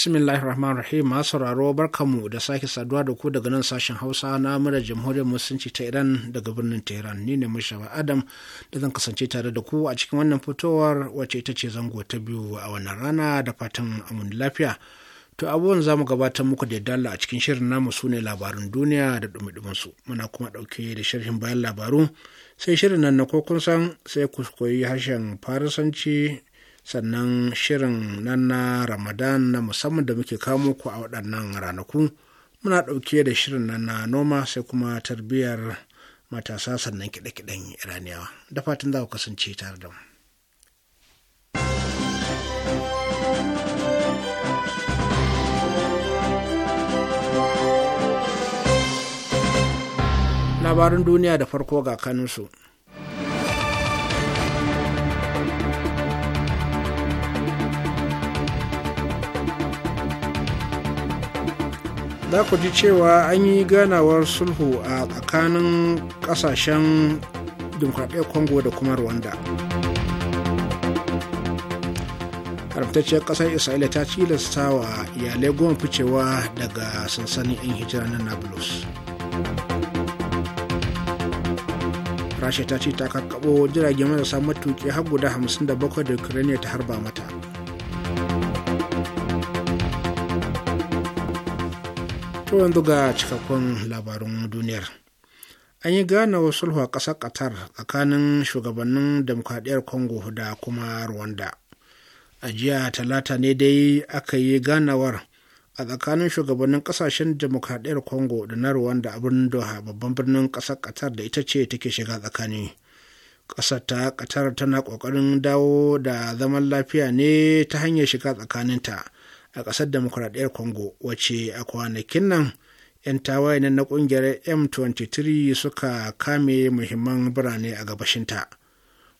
bismillahir rahman rahim ma sauraro barkanmu da sake saduwa da ku daga nan sashen hausa na murar jamhuriyar musulunci ta iran daga birnin tehran ni ne mushaba adam da zan kasance tare da ku a cikin wannan fitowar wacce ita ce zango ta biyu a wannan rana da fatan amun lafiya to abubuwan za mu gabatar muku da dala a cikin shirin namu su ne labarin duniya da dumi su muna kuma ɗauke da sharhin bayan labaru sai shirin nan na ko kun san sai ku koyi harshen farisanci sannan shirin nan na ramadan na musamman da muke kamo ku a waɗannan ranaku muna ɗauke da shirin nan na noma sai kuma tarbiyyar matasa sannan kiɗe-kiɗen iraniyawa da fatan za ku kasance tare da mu labarin duniya da farko ga kanunsu za ku ji cewa an yi ganawar sulhu a tsakanin kasashen dimokuraɗiyyar congo da kuma rwanda haramtacciyar ƙasar isra'ila ta cilasta wa iyalai goma ficewa daga sansanin 'yan hijira na nablus rasha ta ce ta kakkaɓo jiragen marasa matuƙi har guda 57 da ukraine ta harba mata to yanzu ga cikakkun labarun duniyar an yi ganawar sulhu a ƙasar qatar tsakanin shugabannin demokradiyyar congo da kuma rwanda a jiya talata ne dai aka yi ganawar a tsakanin shugabannin ƙasashen demokradiyyar congo da na rwanda a birnin doha babban birnin ƙasar qatar da ita ce take shiga tsakani ƙasar ta qatar tana ƙoƙarin dawo da zaman lafiya ne ta hanyar shiga tsakaninta a ƙasar demokuraɗiyar congo wace a kwanakin nan 'yan tawaye na ƙungiyar m23 suka kame muhimman birane a gabashinta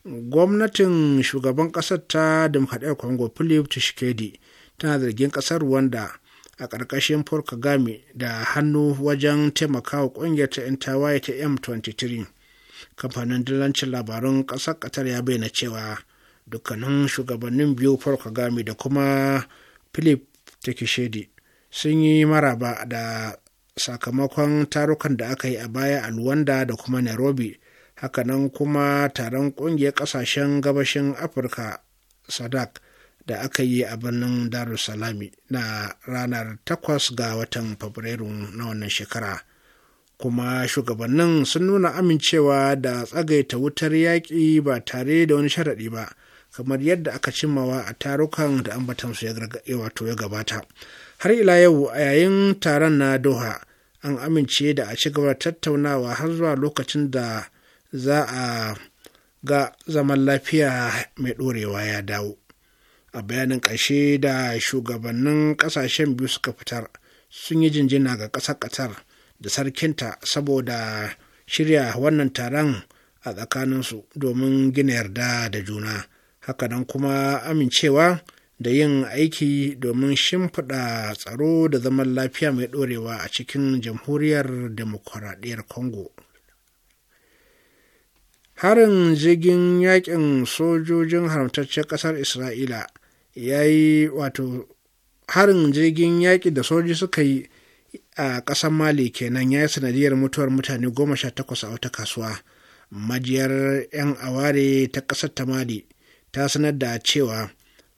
gwamnatin shugaban ƙasar ta demokuraɗiyar congo philip tshisekedi tana zargin ƙasar wanda a ƙarƙashin Paul Kagame da hannu wajen taimakawa ƙungiyar ta 'yan tawaye ta M23. Kamfanin dillancin labarun ƙasar ƙatar ya bayyana cewa dukkanin shugabannin biyu Paul Kagame da kuma philip Tekeshedi sun yi maraba da sakamakon tarukan da aka yi a baya a luwanda da kuma nairobi hakanan kuma taron ƙungiyar ƙasashen gabashin afirka sadak da aka yi a birnin darussalami na ranar 8 ga watan fabrairu na wannan shekara kuma shugabannin sun nuna amincewa da tsagaita wutar yaƙi ba tare da wani sharaɗi ba kamar yadda aka cimmawa a tarukan da ambatansu ya wato ya gabata har ila yau a yayin taron na doha an amince da a ci gaba tattaunawa har zuwa lokacin da za a ga zaman lafiya mai ɗorewa ya dawo a bayanin ƙarshe da shugabannin ƙasashen biyu suka fitar sun yi jinjina ga ƙasar ƙasar da sarkinta saboda shirya wannan taron a tsakaninsu domin gina yarda da juna hakanan kuma amincewa da yin aiki domin shimfiɗa tsaro da zaman lafiya mai ɗorewa a cikin jamhuriyar demokuraɗiyar congo harin jirgin yakin sojojin haramtaccen ƙasar isra'ila ya yi wato harin jirgin yaƙi da soji suka yi a ƙasar mali kenan ya yi sanadiyar mutuwar mutane goma sha a wata kasuwa majiyar 'yan aware ta ƙasar ta mali ta sanar da cewa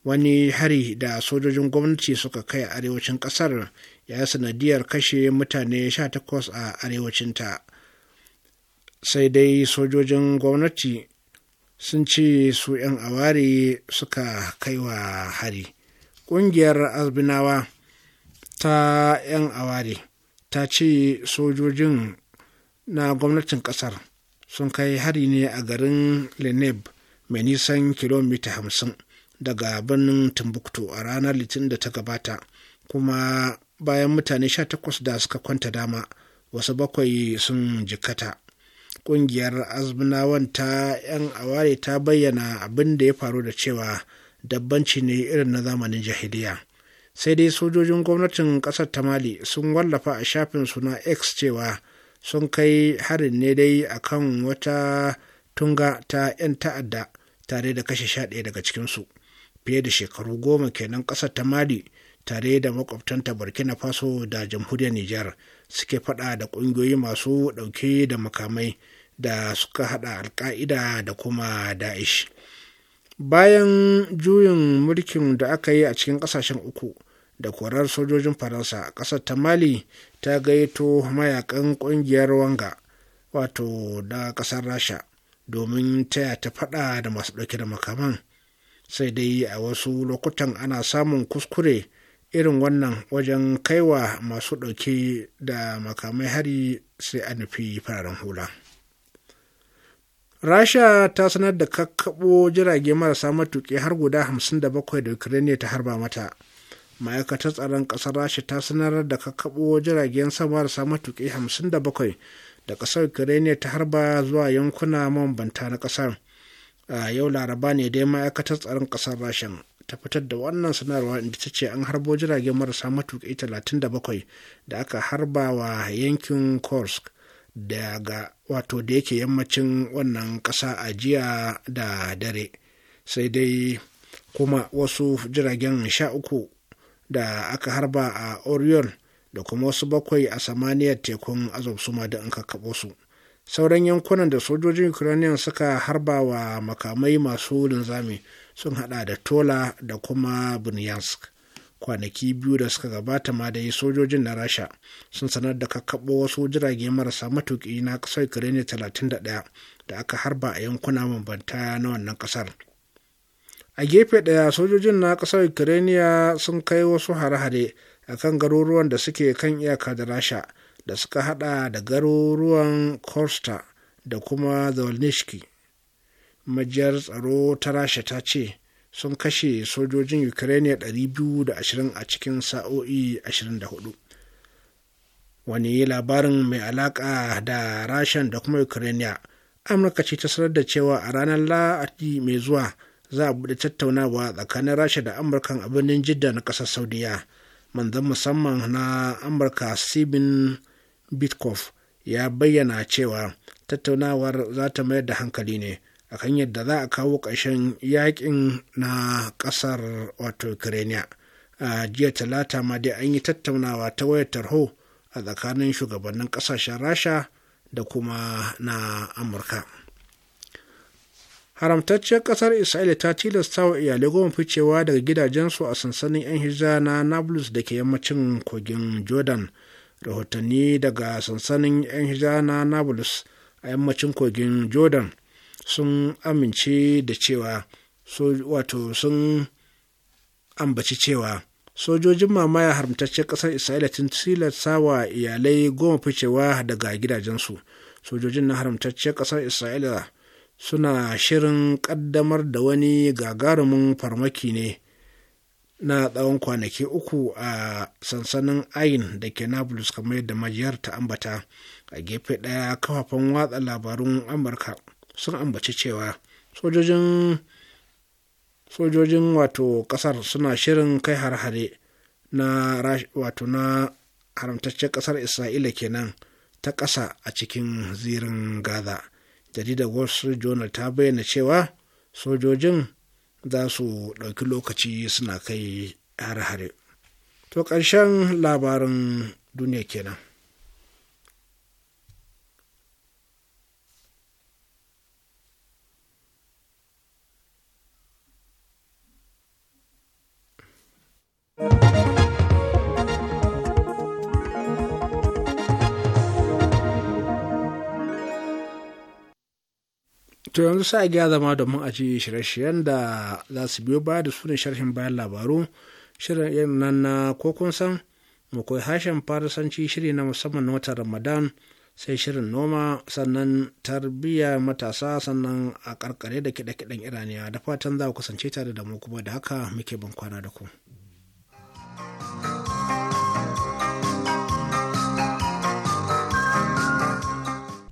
wani hari da sojojin gwamnati suka kai a arewacin ƙasar ya sanadiyar kashe mutane 18 a arewacinta sai dai sojojin gwamnati sun ce su 'yan aware suka kaiwa hari ƙungiyar azbinawa ta 'yan aware ta ce sojojin na gwamnatin ƙasar sun kai hari ne a garin leneb mai nisan kilomita hamsin daga birnin timbuktu a ranar litinin da ta gabata kuma bayan mutane sha takwas da suka kwanta dama wasu bakwai sun jikata ƙungiyar azminawan ta 'yan aware ta bayyana abin da ya faru da cewa dabbanci ne irin na zamanin jahiliya sai dai sojojin gwamnatin ƙasar ta mali sun wallafa a shafin suna x cewa sun kai harin ne dai akan wata tunga ta 'yan ta'adda tare da kashe sha ɗaya daga cikinsu fiye da shekaru goma kenan ƙasar ta mali tare da makwabtanta burkina faso da jamhuriyar nijar suke faɗa da ƙungiyoyi masu ɗauke da makamai da suka haɗa alka'ida da kuma da'ish bayan juyin mulkin da aka yi a cikin ƙasashen uku da korar sojojin faransa ƙasar ta mali ta gaito mayakan ƙungiyar wanga wato da ƙasar rasha domin taya ta faɗa da masu ɗauke da makaman sai dai a wasu lokutan ana samun kuskure irin wannan wajen kaiwa masu ɗauke da makamai hari sai a nufi fararen hula rasha ta sanar da kakkaɓo jirage marasa matuƙi har guda 57 da ukraine ta harba mata ma'aikatar tsaron ƙasar rasha ta sanar da kakkaɓo jiragen sama marasa matuƙi 57 da ƙasar ukraine ta harba zuwa yankuna mambanta na ƙasar a yau laraba ne dai ma'aikatar tsaron ƙasar rasha. ta fitar da wannan sanarwa inda ta ce an harbo jiragen marasa matuƙi 37 da aka harba wa yankin korsk daga wato da yake yammacin wannan ƙasa a jiya da dare sai dai kuma wasu jiragen sha uku da aka harba a orion da kuma wasu bakwai a samaniyar tekun azov suma da an kakkaɓo su sauran yankunan da sojojin ukrainian suka harba wa makamai masu linzami sun hada da tola da kuma bunyansk kwanaki biyu da suka gabata ma da sojojin na rasha sun sanar da kakkaɓo wasu jirage marasa matuƙi na ƙasar ukraine 31 da aka harba a yankuna mabanta na wannan ƙasar a gefe ɗaya sojojin na ƙasar ukraine sun kai wasu hare-hare a kan garuruwan da suke kan iyaka da rasha da suka hada da garuruwan kosta da kuma zolnishki majiyar tsaro ta rasha ta ce sun kashe sojojin ukraine 220 a cikin sa'o'i 24 wani labarin mai alaka da rashan da kuma ukraine amurka ce ta sanar da cewa a ranar lahadi mai zuwa za a buɗe tattaunawa tsakanin rasha da amurkan a birnin jidda na ƙasar saudiya manzan musamman na amurka Sibin bitkoff ya bayyana cewa tattaunawar za ta mayar da hankali ne akan yadda za a kawo ƙarshen yakin na ƙasar wato ukraine a jiya talata ma dai an yi tattaunawa ta wayar tarho a tsakanin shugabannin ƙasashen rasha da kuma na amurka. haramtacciyar kasar isra'ila ta tilasta wa iyalai goma ficewa daga gidajensu a sansanin 'yan hijira na nablus da ke yammacin kogin jordan rahotanni daga sansanin 'yan hijira na nablus a yammacin kogin jordan sun amince da cewa so, wato sun ambaci cewa sojojin mamaya haramtacciyar kasar isra'ila tun tilasta wa iyalai goma ficewa daga gidajensu sojojin na haramtacciyar kasar isra'ila suna shirin ƙaddamar da wani gagarumin farmaki ne na tsawon kwanaki uku a sansanin ayin da ke nablus kamar yadda majiyar ta ambata a gefe ɗaya kafafen watsa labarun amurka sun ambaci cewa sojojin sojojin wato ƙasar suna shirin kai har-hare na wato na haramtaccen ƙasar isra'ila kenan ta ƙasa a cikin zirin gaza jaridar wall street journal ta bayyana cewa sojojin za su ɗauki lokaci suna kai har hare to ƙarshen labarin duniya kenan thank you to yanzu sa gya zama domin a ji shirye-shiryen da za su biyo baya da sunan sharhin bayan labaru shirin yin nan na kokon san mu koyi harshen farisanci shiri na musamman na watan ramadan sai shirin noma sannan tarbiyya matasa sannan a karkare da kiɗe-kiɗen iraniya da fatan za ku kasance tare da mu kuma da haka muke ban kwana da ku.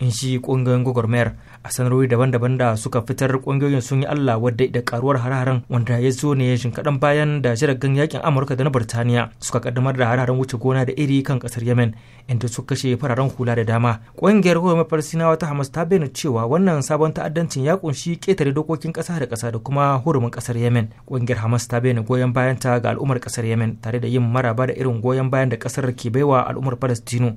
in shi kungiyoyin gwagwarmayar a sanarwar daban-daban da suka fitar kungiyoyin sun yi allah wadda da karuwar hare wanda ya zo ne kadan bayan da jiragen yakin amurka da na burtaniya suka kaddamar da hare wuce gona da iri kan kasar yemen inda suka kashe fararen hula da dama kungiyar gwamnati farsinawa ta hamas ta bayyana cewa wannan sabon ta'addancin ya kunshi ketare dokokin kasa da kasa da kuma hurumin kasar yemen kungiyar hamas ta bayyana goyon bayanta ga al'ummar kasar yemen tare da yin maraba da irin goyon bayan da kasar ke baiwa al'ummar palestino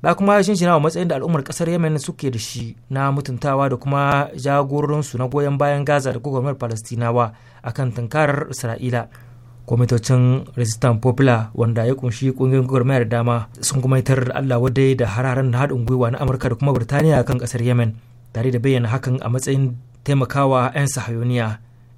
ba kuma shi nawa matsayin da al'ummar kasar yemen suke da shi na mutuntawa da kuma jagororinsu na goyon bayan gaza da gwamnatin palestinawa akan tunkarar isra'ila kwamitocin resistant popular wanda ya kunshi kungiyoyin gwamnatin da dama sun kuma yitar allah wadai da hararen na haɗin gwiwa na amurka da kuma birtaniya kan kasar yemen tare da bayyana hakan a matsayin taimakawa 'yan sahayoniya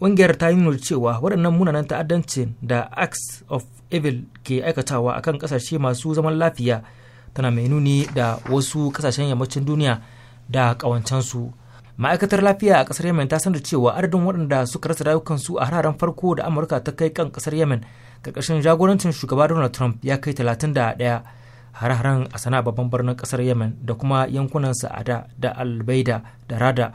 ƙungiyar ta yi nuna cewa waɗannan munanan ta'addancin da acts of evil ke aikatawa akan ƙasashe masu zaman lafiya tana mai nuni da wasu ƙasashen yammacin duniya da ƙawancensu ma'aikatar lafiya a ƙasar yemen ta sanar cewa adadin waɗanda suka rasa rayukansu a hararen farko da amurka ta kai kan ƙasar yemen ƙarƙashin jagorancin shugaba donald trump ya kai talatin da ɗaya hare-haren a sana babban birnin ƙasar yemen da kuma yankunan sa'ada da albaida da rada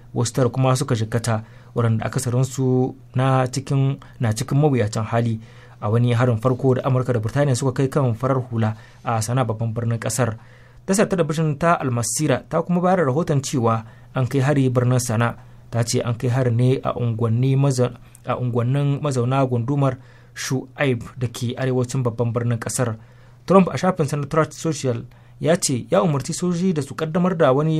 wasu tara kuma suka jikkata waɗanda su na cikin na cikin mawuyacin hali a wani harin farko da amurka da birtaniya suka kai kan farar hula a sana babban birnin kasar tasar dabishin ta almasira ta kuma bayar da rahoton cewa an kai hari birnin sana ta ce an kai hari ne a unguwannin mazauna gundumar shu'aib da ke arewacin babban birnin kasar trump a shafin na social ya ce ya umarci soji da su kaddamar da wani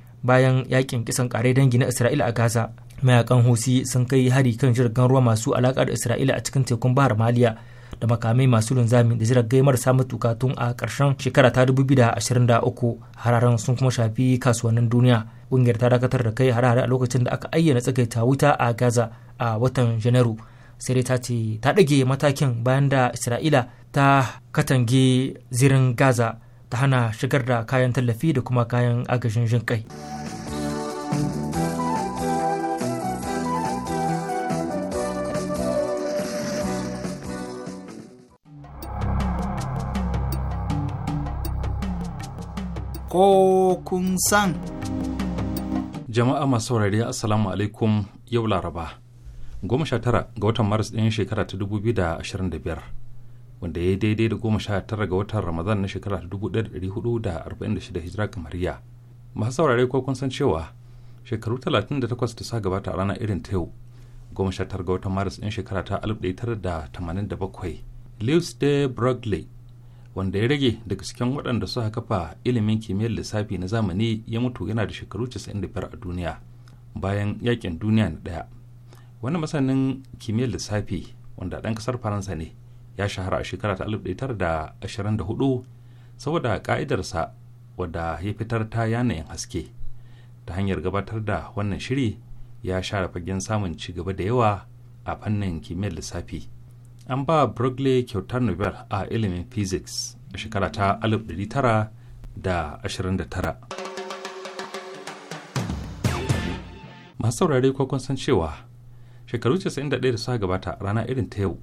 bayan yakin kisan kare dangi na isra'ila a gaza mayakan husi sun kai hari kan jirgin ruwa masu alaƙa da isra'ila a cikin tekun bahar maliya da makamai masu linzami da jiragai marasa matuka tun a ƙarshen shekara ta 2023 hararen sun kuma shafi kasuwannin duniya ƙungiyar ta dakatar da kai harare a lokacin da aka ayyana tsagaita wuta a gaza a watan janairu sai dai ta ce ta ɗage matakin bayan da isra'ila ta katange zirin gaza ta hana shigar da kayan tallafi da kuma kayan agajin jin kai. Ko kun san. Jama'a masu saurari Assalamu alaikum yau Laraba, goma sha tara ga watan Maris ɗin shekara ta 2025. wanda ya yi daidai da goma sha tara ga watan ramadan na shekara ta dubu ɗaya da ɗari hudu da arba'in da shida hijira kamariya masu saurare ko kun san cewa shekaru talatin da takwas da sa gabata a ranar irin ta yau goma sha tara ga watan maris ɗin shekara ta alif ɗaya tara da tamanin da bakwai lewis de Broglie wanda ya rage daga cikin waɗanda suka kafa ilimin kimiyyar lissafi na zamani ya mutu yana da shekaru casa'in da biyar a duniya bayan yakin duniya na ɗaya wani masanin kimiyyar lissafi wanda ɗan ƙasar faransa ne ya shahara a shekara ta 1924 saboda ka'idarsa wadda ya fitar ta yanayin haske ta hanyar gabatar da wannan shiri ya share fagen samun ci gaba da yawa a fannin kimiyyar lissafi an ba Berkeley kyautar Nobel a ilimin physics a shekara ta 1929 masu saurari kwakwan san cewa shekaru 91 da suka gabata rana irin ta yau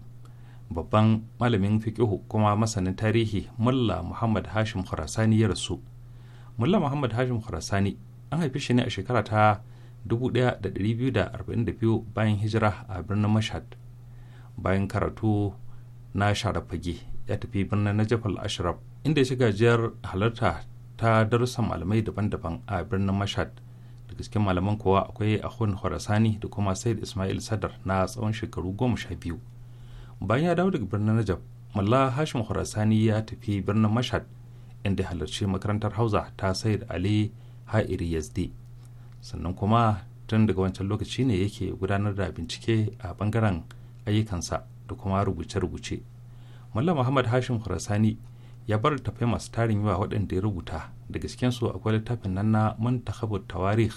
babban malamin fiqihu kuma masanin tarihi mulla muhammad hashim khurasani ya rasu mulla muhammad hashim khurasani an haifi shi ne a shekara ta 1242 bayan hijira a birnin mashhad bayan karatu na sharafage ya tafi birnin najaf al-ashraf inda ya shiga jiyar halarta ta darussan malamai daban-daban a birnin mashhad daga cikin malaman kowa akwai ahun khurasani da kuma said ismail sadar na tsawon shekaru goma sha biyu bayan ya dawo daga birnin najab malla hashim khurasani ya tafi birnin mashhad inda halarci makarantar hausa ta sayar ali ha'iri yazdi sannan kuma tun daga wancan lokaci ne yake gudanar da bincike a bangaren ayyukansa da kuma rubuce-rubuce malla muhammad hashim khurasani ya bar littattafai masu tarin yawa waɗanda ya rubuta daga su akwai littafin nan na muntakhabut tawarikh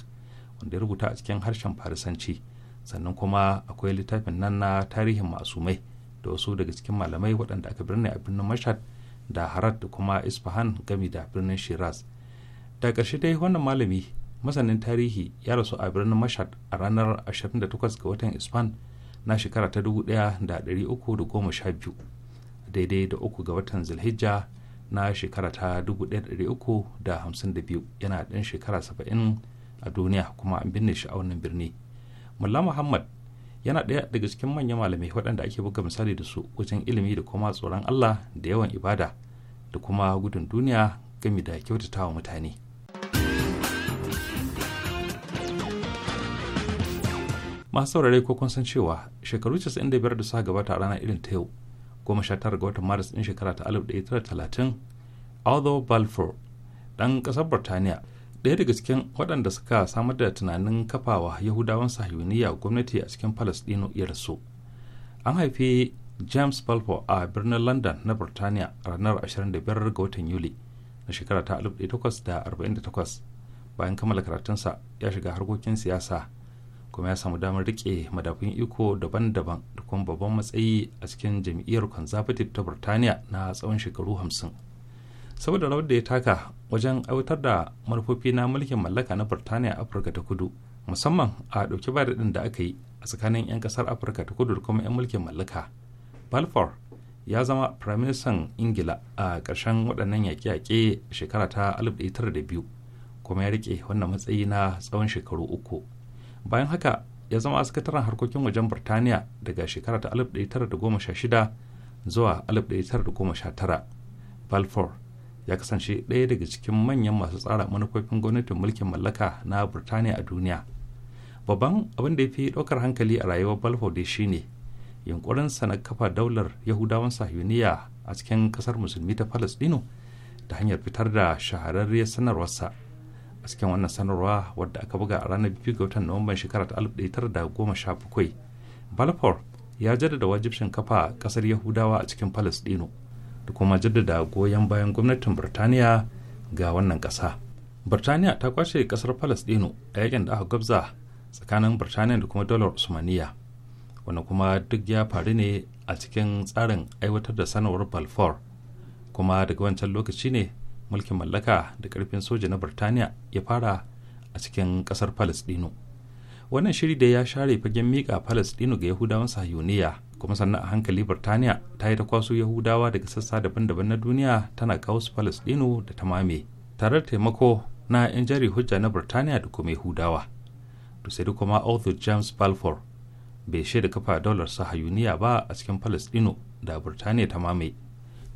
wanda ya rubuta a cikin harshen farisanci sannan kuma akwai littafin nan na tarihin masumai da wasu daga cikin malamai waɗanda aka birne a birnin mashad da harad da kuma isfahan gami da birnin shiraz da ƙarshe dai wannan malami masanin tarihi ya rasu a birnin mashad a ranar 28 ga watan isfan na shekara ta 1312 daidai da uku ga watan zulhijja na shekara ta 1352 yana ɗan shekara 70 a duniya kuma an binne shi a wannan birni mulla muhammad yana ɗaya daga cikin manyan malamai waɗanda ake buga misali da su wajen ilimi da kuma tsoron Allah da yawan ibada da kuma gudun duniya gami da kyautatawa mutane. Masu saurare ko kun san cewa shekaru 95 da suka gabata a ranar irin ta yau, goma sha tara ga watan Maris ɗin shekara ta 1930, Aldo Balfour, ɗan ƙasar Burtaniya, daya daga cikin waɗanda suka samar da tunanin kafawa yahudawan sahiyuniya gwamnati a cikin palestino ya an haifi james balfour a birnin london na birtaniya ranar 25 ga watan yuli na shekara ta 1848 bayan kammala karatunsa ya shiga harkokin siyasa kuma ya samu damar rike madafun iko daban-daban da kuma babban matsayi a cikin jam'iyyar conservative ta birtaniya na tsawon shekaru 50 saboda rawar da ya taka wajen aiwatar da manufofi na mulkin mallaka na burtaniya afirka ta kudu musamman a ɗauki ba da aka yi a tsakanin 'yan ƙasar afirka ta kudu da kuma 'yan mulkin mallaka balfour ya zama firaministan ingila a ƙarshen waɗannan yaƙe-yaƙe shekara ta 1902 kuma ya riƙe wannan matsayi na tsawon shekaru uku bayan haka ya zama sakataren harkokin wajen birtaniya daga shekara ta 1916 zuwa 1919 balfour ya kasance ɗaya daga cikin manyan masu tsara manufofin gwamnatin mulkin mallaka na burtaniya a duniya babban abin da ya fi ɗaukar hankali a rayuwar balfour dai shine yunkurinsa na kafa daular yahudawan sahiyuniya a cikin ƙasar musulmi ta palestino da hanyar fitar da shahararriyar sanarwarsa a cikin wannan sanarwa wadda aka buga a ranar biyu ga watan nuwamban shekara ta alif da goma sha bakwai balfour ya jaddada wajibcin kafa ƙasar yahudawa a cikin palestino da kuma jaddada goyon bayan gwamnatin birtaniya ga wannan ƙasa birtaniya ta kwashe ƙasar falastinu a yakin da aka gabza tsakanin birtaniya da kuma dalar usmaniya wanda kuma duk ya faru ne a cikin tsarin aiwatar da sanarwar balfour kuma daga wancan lokaci ne mulkin mallaka da karfin soja na birtaniya ya fara a cikin ƙasar palestino wannan shiri da ya share fagen miƙa palestino ga yahudawan sahiyoniya kuma sannan a hankali birtaniya ta yi ta kwaso yahudawa daga sassa daban-daban na duniya tana kawo su palestino da ta mame tare da taimako na yan jari hujja na birtaniya da kuma yahudawa to sai da kuma arthur james balfour bai shaida kafa daular sahayuniya ba a cikin palestino da birtaniya ta mame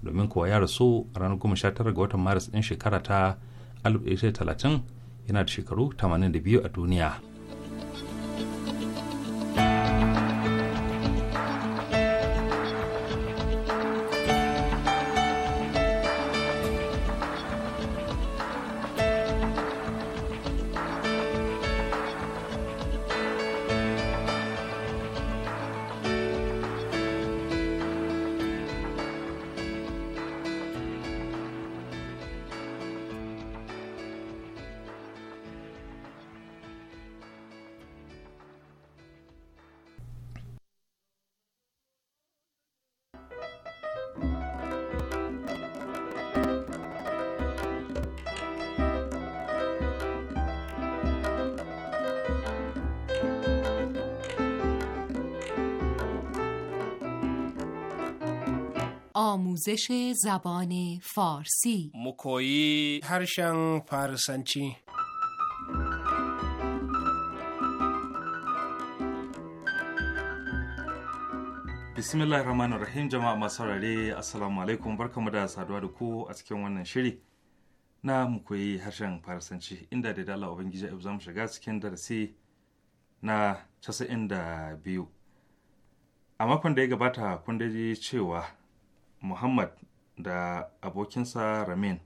domin kuwa ya rasu a ranar tara ga watan maris din shekara ta 1930 yana da shekaru 82 a duniya. آموزش زبان فارسی مکویی هرشن فارسنچی bismillah rahman rahim jama masu saurare assalamu alaikum barkamu da saduwa da ku a cikin wannan shiri na mu koyi harshen farasanci inda da dala ubangiji yau shiga cikin darasi na casa'in da biyu a makon da ya gabata kun daji cewa muhammad da abokinsa ramin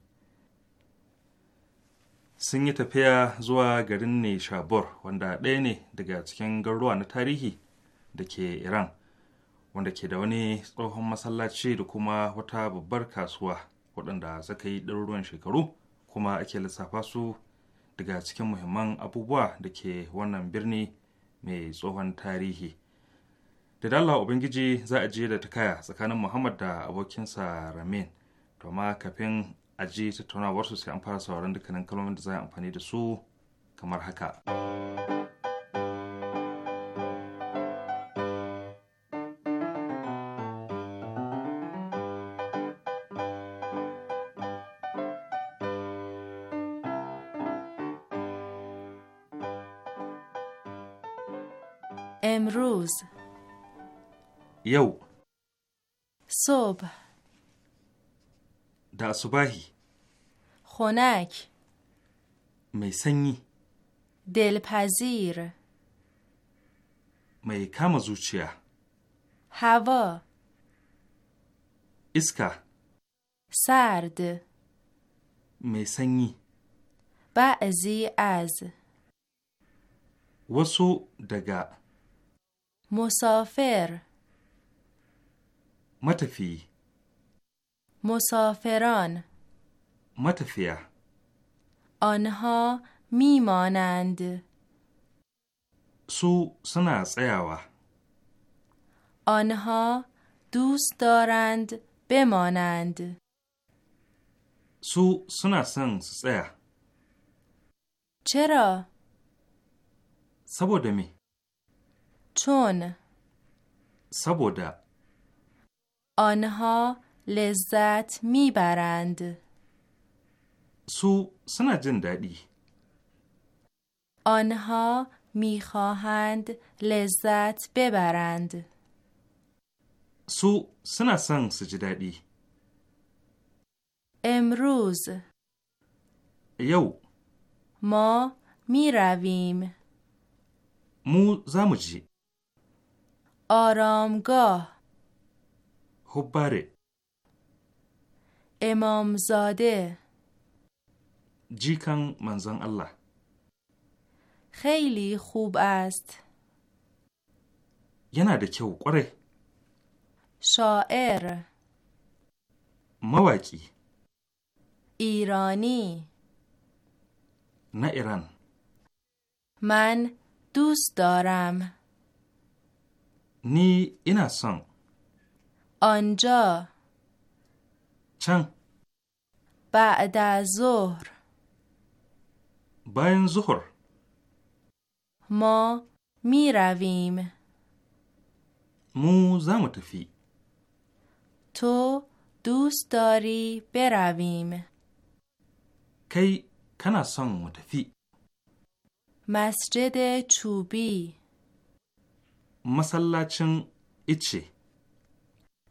sun yi tafiya zuwa garin Nishabur wanda ɗaya ne daga cikin garuruwa na tarihi da ke Iran wanda ke da wani tsohon masallaci da kuma wata babbar kasuwa waɗanda suka yi ɗaruruwan shekaru kuma ake lissafa su daga cikin muhimman abubuwa da ke wannan birni mai tsohon tarihi da dalla ubangiji za a je da ta kaya tsakanin muhammad da abokinsa ramin to ma kafin a ji su sai an fara sauran dukkanin kalmomin da za a amfani da su kamar haka Yau. Soba. Da asubahi. honak Mai sanyi. Delphazir. Mai kama zuciya. Hauwa. Iska. Sard. Mai sanyi. Ba a zi azi. Wasu daga. Musofir. متفی مسافران متفیه آنها میمانند سو سنا آنها دوست دارند بمانند سو سنا سن چرا سبوده چون سبوده آنها لذت میبرند سو سنا جن دادی آنها میخواهند لذت ببرند سو سنا سن سجدادی امروز یو ما می رویم مو زمجی آرامگاه حبره خب بله. امامزاده جیکن منزن الله خیلی خوب است یه که او قره شاعر مواکی ایرانی نه ایران من دوست دارم نی اینا آنجا چند بعد از ظهر باین ظهر ما می رویم مو زمو تو دوست داری برویم کی کنا سان متفی مسجد چوبی مسلاچن ایچه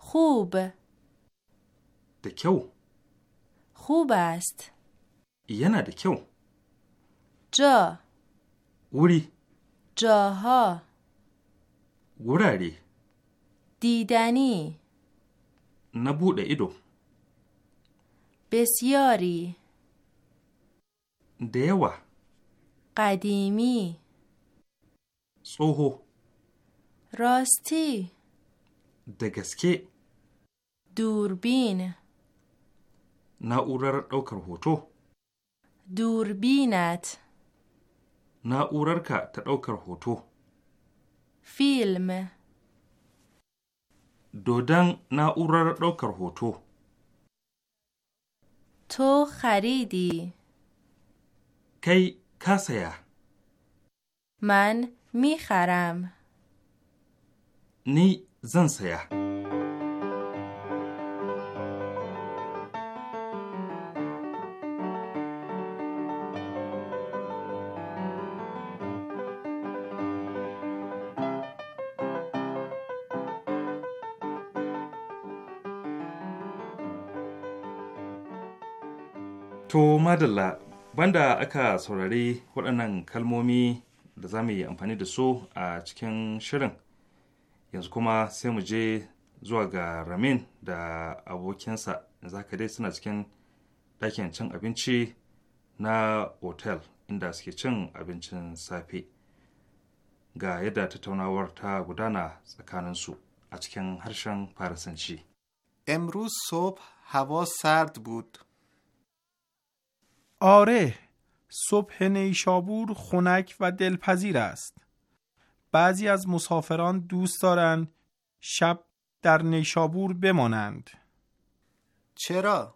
خوب دکو خوب است یه نه دکو جا اولی جاها گراری دیدنی نبود ایدو بسیاری دیوا قدیمی سوهو راستی دگسکی دوربین na'urar ɗaukar hoto durbinat na'urarka ta ɗaukar hoto film dodon na'urar ɗaukar hoto to kai ka saya man mi haram ni zan saya To madalla banda aka saurari waɗannan kalmomi da za mu yi amfani da su a cikin shirin yanzu kuma sai mu je zuwa ga ramin da abokinsa za ka dai suna cikin ɗakin cin abinci na otel inda suke cin abincin safe ga yadda tattaunawar ta gudana tsakaninsu a cikin harshen farasanci. Emru Sob هوا سرد Bud. آره صبح نیشابور خنک و دلپذیر است بعضی از مسافران دوست دارند شب در نیشابور بمانند چرا؟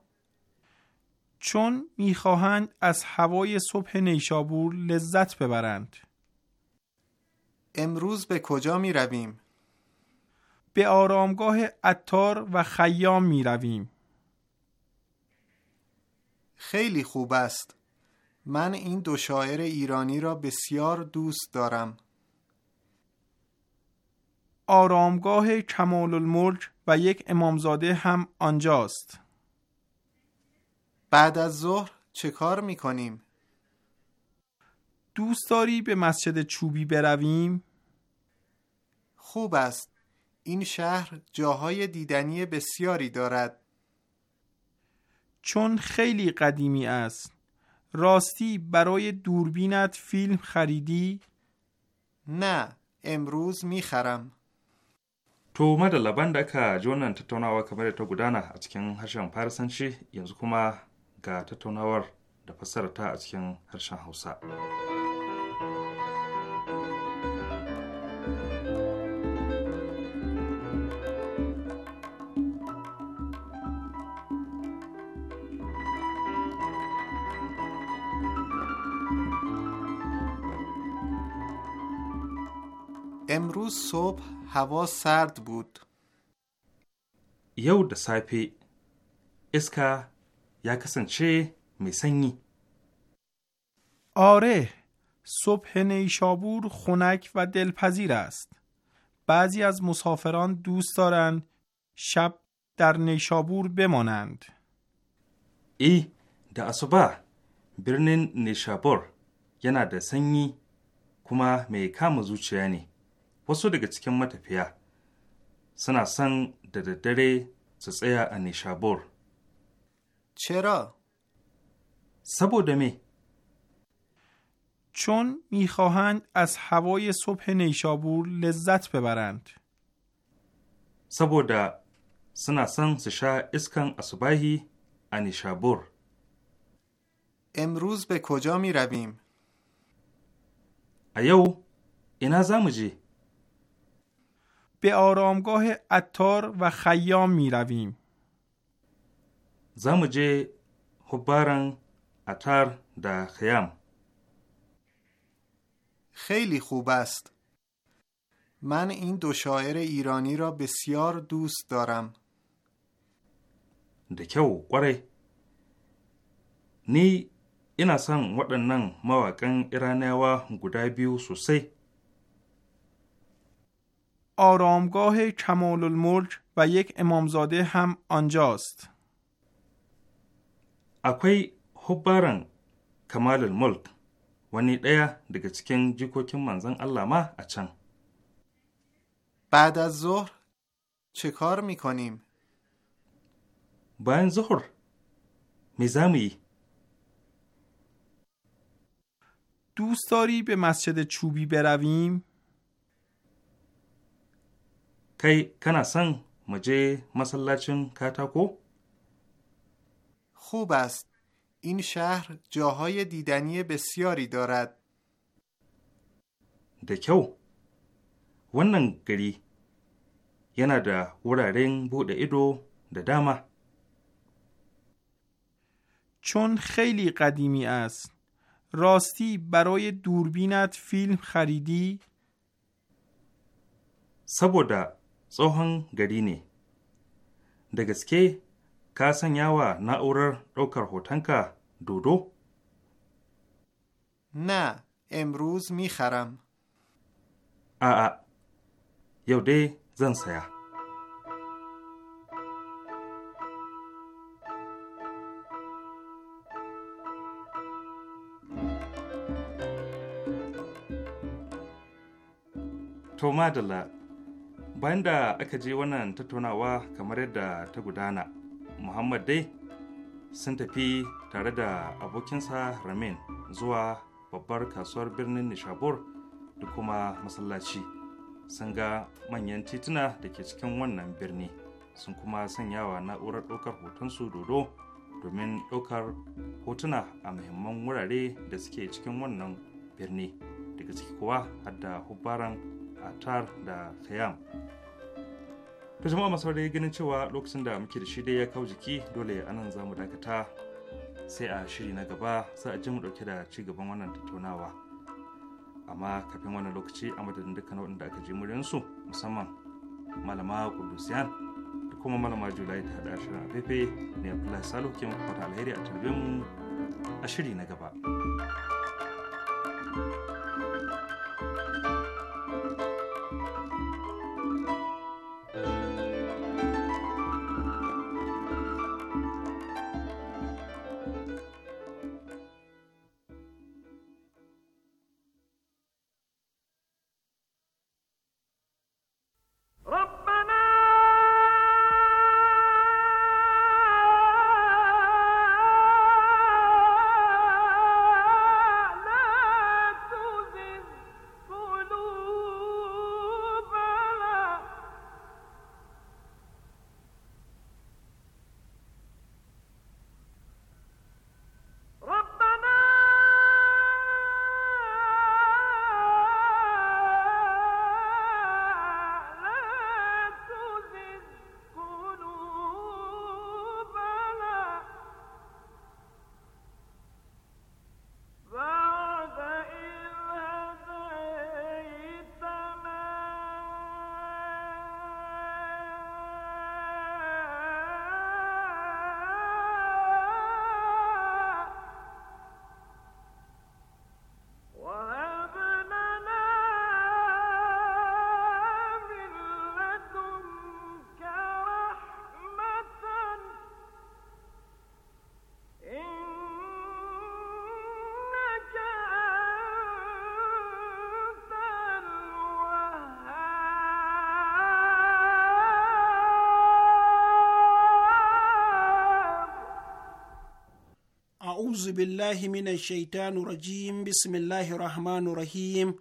چون میخواهند از هوای صبح نیشابور لذت ببرند امروز به کجا می رویم؟ به آرامگاه اتار و خیام می رویم خیلی خوب است من این دو شاعر ایرانی را بسیار دوست دارم آرامگاه کمال الملک و یک امامزاده هم آنجاست بعد از ظهر چه کار می کنیم؟ دوست داری به مسجد چوبی برویم؟ خوب است این شهر جاهای دیدنی بسیاری دارد چون خیلی قدیمی است راستی برای دوربینت فیلم خریدی؟ نه امروز میخرم To laban da aka ji wannan tattaunawa kamar da ta gudana a cikin harshen Farisanci yanzu kuma ga tattaunawar da fassarata a cikin harshen Hausa. امروز صبح هوا سرد بود. یو د سایپی اسکا یا کسنچه میسنی آره صبح نیشابور خنک و دلپذیر است. بعضی از مسافران دوست دارند شب در نیشابور بمانند. ای در اسوبا نیشابور نیشابور ینا دا سنگی کومه می kama وسو دگ چیکین متفیه سینا سن د ددره سو سیا نیشابور چرا سبودمی چون میخواهند از هوای صبح نیشابور لذت ببرند سبودا سینا سن سو اسکان اصوباهی ا نیشابور امروز به کجا میرویم ایو انا زا مو به آرامگاه اتار و خیام می رویم. زمجه حبارن اتار دا خیام خیلی خوب است. من این دو شاعر ایرانی را بسیار دوست دارم. دکه و قره نی ina نن مواقع ایرانی و گدای بیو سوسی آرامگاه کمال الملک و یک امامزاده هم آنجاست اکوی حبارن کمال الملک ونی دیا دگه چکن جیکوکین منزن الله ما اچن بعد از ظهر چه کار میکنیم؟ باین ظهر میزمی دوست داری به مسجد چوبی برویم؟ کی کنا سن mu je masallacin katako؟ خوب است. این شهر جاهای دیدنی بسیاری دارد. ده کیو wannan gari yana da wuraren bude ido da dama چون خیلی قدیمی است راستی برای دوربینت فیلم خریدی؟ saboda tsohon gari ne da gaske ka sanya wa na'urar ɗaukar hotonka dodo? na mi haram. a'a yau dai zan saya to madalla bayan da aka je wannan tattaunawa kamar yadda ta gudana muhammad dai sun tafi tare da abokinsa ramin zuwa babbar kasuwar birnin nishabur da kuma masallaci sun ga manyan tituna da ke cikin wannan birni sun kuma sanyawa na'urar ɗaukar hotonsu dodo domin ɗaukar hotuna a muhimman wurare da suke cikin wannan birni daga ciki kuwa hadda hubaran. hubbaran A tar da tayam to jama'a masu ganin cewa lokacin da muke da shi dai ya kawo jiki dole anan za mu dakata sai a shiri na gaba sai a je mu dauke da ci gaban wannan tattaunawa amma kafin wannan lokaci a madadin dukkan waɗanda aka ji su musamman malama kudusiyan da kuma malama julai ta hada shirin a faifai ne abdullahi salo ke maka fata alheri a tarbe mu a shiri na gaba. a'uzu billahi minan shaitanu rajim bismillahi rahmanu rahim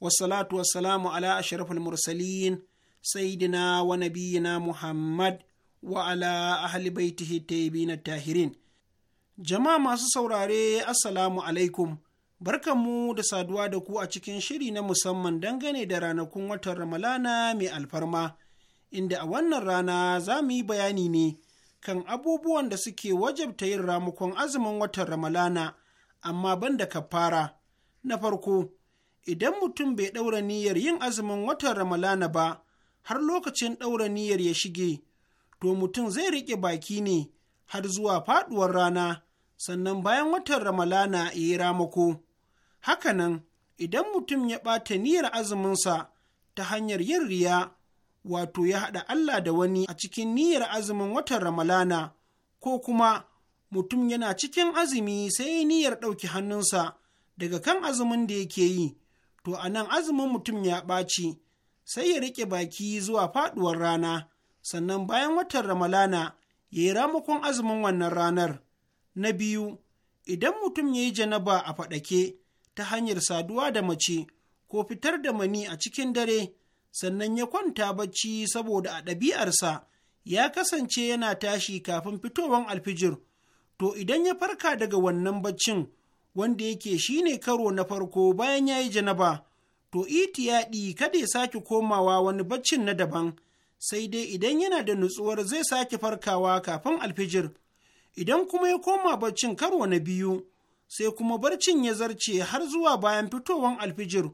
wasalatu wasalamu ala ashrafil mursalin Saidina wa nabiyina muhammad wa ala ahli baitihi tayyibin tahirin jama'a masu saurare assalamu alaikum barkanmu da saduwa da ku a cikin shiri na musamman dangane da ranakun watan ramalana mai alfarma inda a wannan rana za mu yi bayani ne kan abubuwan da suke wajabta yin ramukon azumin watan Ramalana, amma banda kafara. Na farko, idan mutum bai ɗaura niyyar yin azumin watan Ramalana ba, har lokacin ɗaura niyyar ya shige, to mutum zai riƙe baki ne har zuwa faɗuwar rana, sannan bayan watan Ramalana ya yi ramako. Hakanan, idan mutum ya ɓata niyyar azuminsa ta hanyar yin riya, wato ya haɗa Allah da wani a cikin niyyar azumin watan Ramalana, ko kuma mutum yana cikin azumi sai niyyar ɗauki hannunsa daga kan azumin da yake yi, to a nan azumin mutum ya ɓaci, sai ya riƙe baki zuwa faɗuwar rana, sannan bayan watan Ramalana ya yi ramakon azumin wannan ranar. Na biyu, idan mutum ya yi janaba a faɗake ta hanyar saduwa da mace ko fitar da mani a cikin dare, sannan ya kwanta bacci saboda a ɗabi'arsa ya kasance yana tashi kafin fitowar alfijir, to idan ya farka daga wannan baccin wanda yake ne karo na farko bayan ya yi janaba, to ya ɗi kada ya sake komawa wani baccin na daban, sai dai idan yana da nutsuwar zai sake farkawa kafin alfijir. Idan kuma ya koma baccin karo na biyu, sai kuma barcin ya zarce har zuwa bayan fitowar alfijir.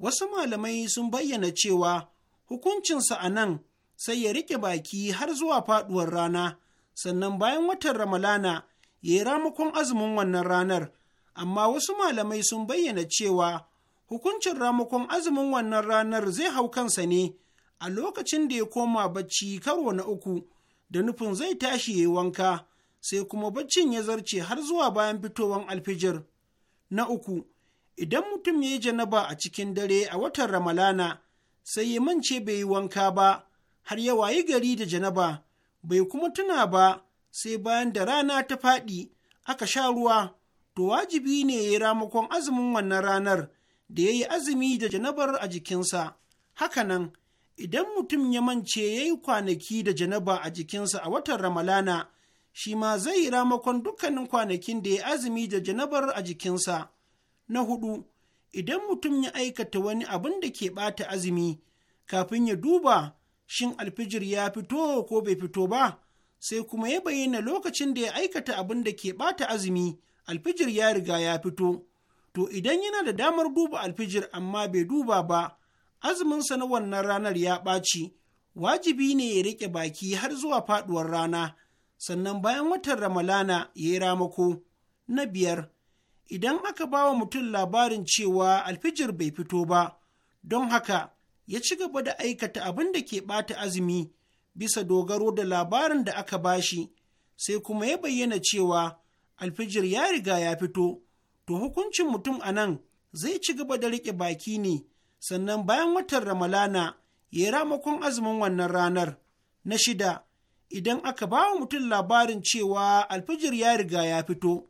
wasu malamai sun bayyana cewa hukuncinsa a nan sai ya rike baki har zuwa faduwar rana sannan bayan watan ramalana ya yi ramakon azumin wannan ranar amma wasu malamai sun bayyana cewa hukuncin ramakon azumin wannan ranar zai hau kansa ne a lokacin da ya koma bacci karo na uku da nufin zai tashi ya yi wanka sai kuma baccin ya zarce har zuwa bayan fitowar alfijir na uku idan mutum ya yi janaba a cikin dare a watan ramalana sai ya mance bai yi wanka ba har ya wayi gari da janaba bai kuma tuna ba sai bayan da rana ta faɗi aka sha ruwa to wajibi ne ya yi ramakon azumin wannan ranar da ya yi azumi da janabar a jikinsa hakanan idan mutum ya mance ya yi kwanaki da janaba a jikinsa a watan ramalana shi ma zai yi ramakon dukkanin kwanakin da ya azumi da janabar a jikinsa Na hudu, idan mutum ya aikata wani abin da ke ɓata azumi kafin ya duba shin alfijir ya fito ko bai fito ba, sai kuma ya bayyana lokacin da ya aikata abin da ke ɓata azumi alfijir ya riga ya fito. To idan yana da damar duba alfijir amma bai duba ba, azuminsa na wannan ranar ya ɓaci, wajibi ne ya riƙe baki har zuwa faɗuwar rana, sannan bayan watan Ramalana ya yi ramako. Na biyar, idan aka ba wa mutum labarin cewa alfijir bai fito ba, don haka ya ci gaba da aikata abin da ke ɓata azumi bisa dogaro da labarin da aka bashi, sai kuma ya bayyana cewa alfijir ya riga ya fito, to hukuncin mutum a nan zai ci gaba da riƙe baki ne, sannan bayan watan Ramalana ya yi ramakon azumin wannan ranar. Na shida, idan aka ba wa mutum labarin cewa alfijir ya riga ya fito.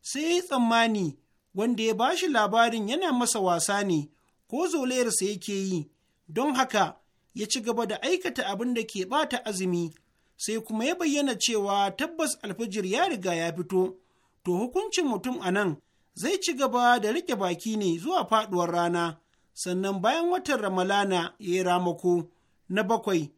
sai ya tsammani wanda ya bashi labarin yana masa wasa ne ko zolayarsa yake yi don haka ya ci gaba da aikata abin da ke bata azumi sai kuma ya bayyana cewa tabbas alfijir ya riga ya fito to hukuncin mutum a nan zai ci gaba da riƙe baki ne zuwa faɗuwar rana sannan bayan watan ramalana ya yi ramako na bakwai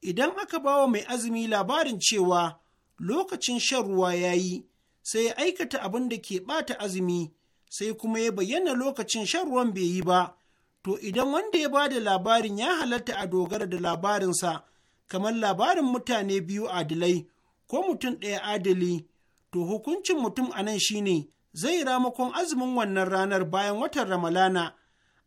idan aka bawa mai azumi labarin cewa lokacin shan ruwa ya yi sai ya aikata abin da ke ɓata azumi sai kuma ya bayyana lokacin shan ruwan bai yi ba to idan wanda ya ba da labarin ya halatta a dogara da labarinsa kamar labarin mutane biyu adilai ko mutum ɗaya adali to hukuncin mutum a nan shine zai ramakon azumin wannan ranar bayan watan ramalana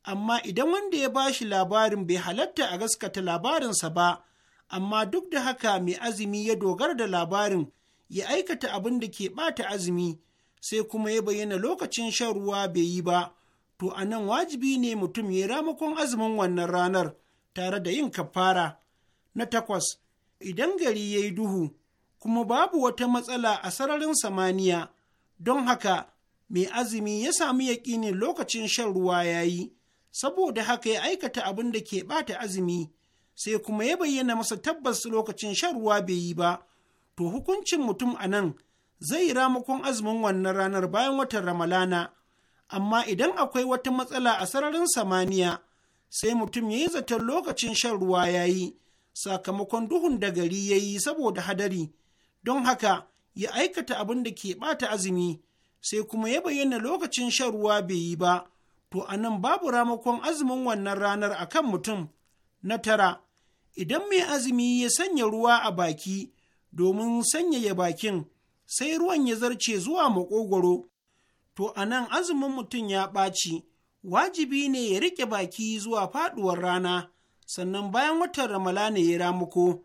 amma idan wanda ya ba shi labarin bai halatta a gaskata labarinsa ba amma duk da haka mai azumi ya dogara da labarin ya aikata abin da ke ɓata azumi sai kuma ya bayyana lokacin shan ruwa bai yi ba to a nan wajibi ne mutum ya ramakon azumin wannan ranar tare da yin kafara na takwas idan gari ya yi duhu kuma babu wata matsala a sararin samaniya don haka mai azumi ya sami yaƙinin lokacin shan ruwa ya yi saboda haka ya aikata abin da ke ɓata azumi sai kuma ya bayyana masa tabbas lokacin shan ruwa bai yi ba to hukuncin mutum a nan zai yi ramakon azumin wannan ranar bayan watan Ramalana, amma idan akwai wata matsala a sararin samaniya, sai mutum ya yi zaton lokacin shan ruwa ya yi, sakamakon duhun da gari ya yi saboda hadari, don haka ya aikata abin da ke bata azumi, sai kuma ya bayyana lokacin shan ruwa bai yi ba, to a nan babu ramakon azumin wannan ranar a kan mutum. Na tara, idan mai azumi ya sanya ruwa a baki, domin sanyaya bakin sai ruwan ya zarce zuwa maƙogwaro, to a nan azumin mutum ya ɓaci wajibi ne ya riƙe baki zuwa faɗuwar rana sannan bayan watan ramala ne ya ramuko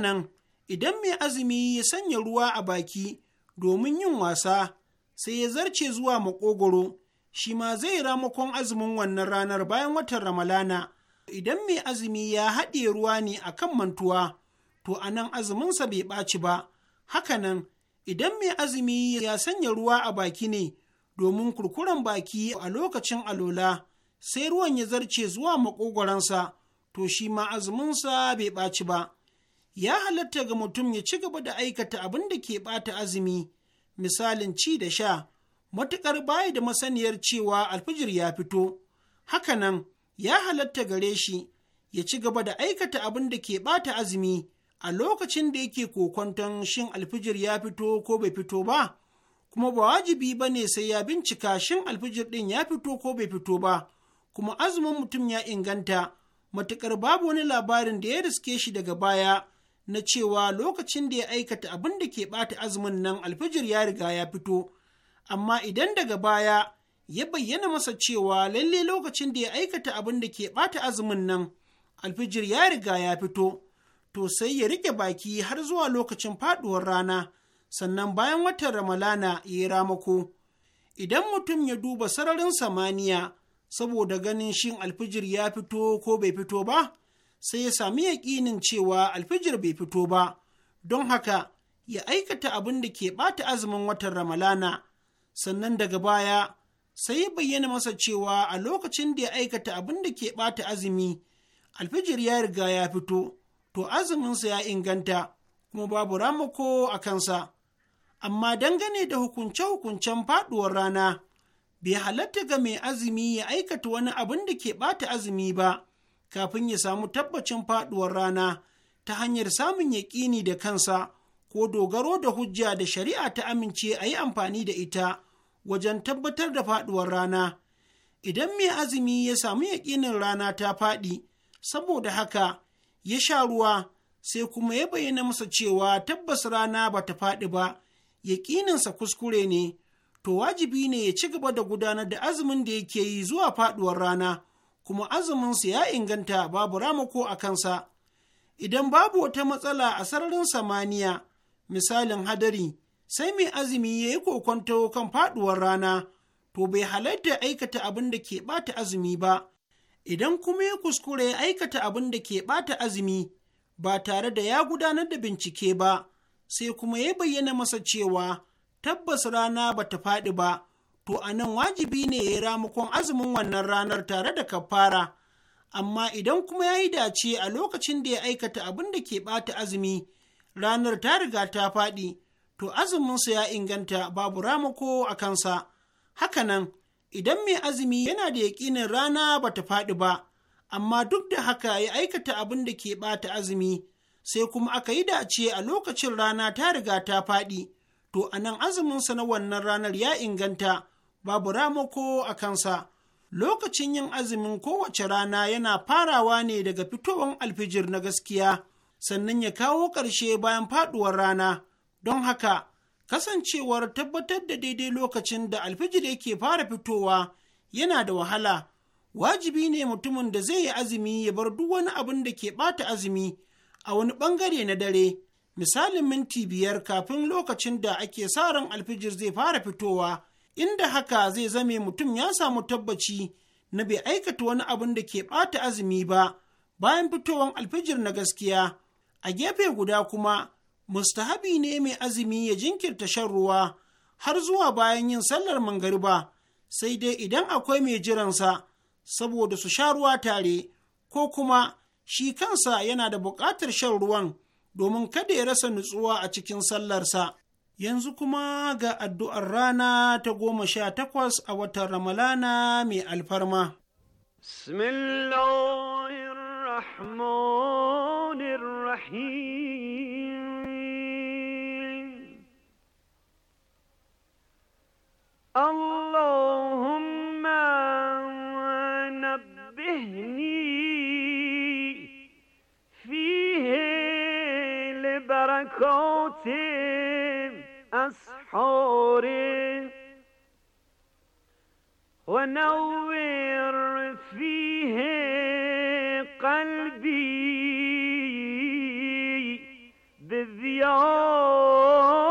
nan, idan mai azumi ya sanya ruwa a baki domin yin wasa sai ya zarce zuwa makogoro shi ma zai ramukon azumin wannan ranar bayan watan ramalana idan mai azumi ya haɗe ruwa ne a kan mantuwa to a nan azuminsa bai ɓaci ba, hakanan idan mai azumi ya sanya ruwa a baki ne domin kurkuren baki a lokacin alola, sai ruwan ya zarce zuwa maƙogoransa, to shi ma azuminsa bai ɓaci ba. Ya halatta ga mutum ya ci gaba da aikata abin da ke ɓata azumi, misalin ci da sha, matuƙar bayi da masaniyar cewa alfijir ya fito. Hakanan, ya halatta gare shi ya ci gaba da aikata abin da ke ɓata azumi a lokacin da yake kokonton shin alfijir ya fito ko bai fito ba kuma ba wajibi ba ne sai ya bincika shin alfijir ɗin ya fito ko bai fito ba kuma azumin mutum ya inganta matuƙar babu wani labarin da ya riske shi daga baya na cewa lokacin da ya aikata abin da ke bata azumin nan alfijir ya riga ya fito amma idan daga baya ya bayyana masa cewa lalle lokacin da ya aikata abin da ke bata azumin nan alfijir ya riga ya fito to sai ya riƙe baki har zuwa lokacin faɗuwar rana sannan bayan watan ramalana ya yi ramako idan mutum ya duba sararin samaniya saboda ganin shin alfijir ya fito ko bai fito ba sai ya sami yaƙinin cewa alfijir bai fito ba don haka ya aikata abin da ke ɓata azumin watan ramalana sannan daga baya sai ya bayyana masa cewa a lokacin da ya aikata abin da ke ɓata azumi alfijir ya riga ya fito to azuminsa ya inganta kuma babu ramako a kansa amma dangane da hukunce-hukuncen faduwar rana bai halatta ga mai azumi ya aikata wani abin da ke ɓata azumi ba kafin ya samu tabbacin faduwar rana ta hanyar samun yaƙini da kansa ko dogaro da hujja da shari'a ta amince a yi amfani da ita wajen tabbatar da faduwar rana idan mai azumi ya samu yaƙinin rana ta faɗi saboda haka ya sha ruwa sai kuma ya bayyana masa cewa tabbas rana ba ta faɗi ba yaƙininsa kuskure ne to wajibi ne ya ci gaba da gudanar da azumin da yake yi zuwa faɗuwar rana kuma azuminsa ya inganta babu ramako a kansa idan babu wata matsala a sararin samaniya misalin hadari sai mai azumi ya yi kokonto kan faɗuwar rana to bai halatta aikata abin da ke ɓata azumi ba idan kuma ya kuskure ya aikata abin da ke ɓata azumi ba tare da ya gudanar da bincike ba, sai kuma ya bayyana masa cewa tabbas rana ba ta faɗi ba, to a nan wajibi ne ya ramakon azumin wannan ranar tare da kafara. Amma idan kuma ya yi dace a lokacin da ya aikata abin da ke ɓata azumi, ranar ta riga ta faɗi, to azuminsa ya inganta babu ramako a kansa. Haka nan. idan mai azumi yana da yaƙinin rana ba ta faɗi ba, amma duk da haka ya aikata abin da ke ɓata azumi, sai kuma aka yi dace a lokacin rana ta riga ta faɗi, to a nan azuminsa na wannan ranar ya inganta, babu ramako a kansa. Lokacin yin azumin kowace rana yana farawa ne daga fitowar alfijir na gaskiya, sannan ya kawo ƙarshe bayan faɗuwar rana, don haka. kasancewar tabbatar da daidai lokacin da alfijir yake fara fitowa yana da wahala wajibi ne mutumin da zai yi azumi ya bar duk wani abin da ke bata azumi a wani bangare na dare misalin minti biyar kafin lokacin da ake sa ran alfijir zai fara fitowa inda haka zai zame mutum ya samu tabbaci na bai aikata wani abin da ke ɓata azumi ba bayan fitowan alfijir na gaskiya a gefe guda kuma mustahabi ne mai azumi ya jinkirta shan ruwa har zuwa bayan yin sallar mangariba sai dai idan akwai mai jiransa saboda su sha ruwa tare ko kuma shi kansa yana da buƙatar shan ruwan domin kada ya rasa nutsuwa a cikin sallarsa. Yanzu kuma ga addu'ar rana ta goma sha takwas a watan Ramalana mai alfarma. Bismillahirrahmanirrahim. اللهم نبهني فيه لبركات أسحار ونور فيه قلبي بالذيار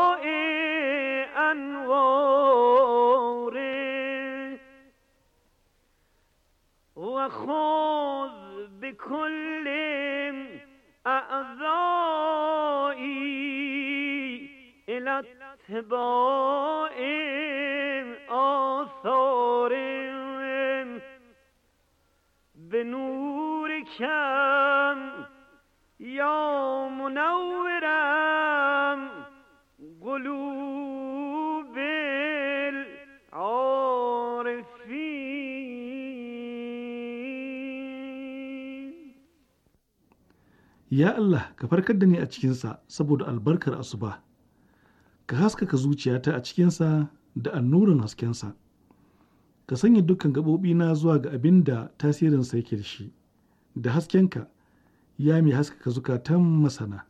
فخذ بکل اعضائی الی اتباع آثار به نور کم یا قلوب Ya Allah, ka farkar da ni a cikinsa saboda albarkar asuba, ka haskaka zuciyata a cikinsa da annurin haskensa, ka sanya dukkan na zuwa ga abin da tasirinsa yake da shi, da haskenka ya mai haskaka zukatan masana.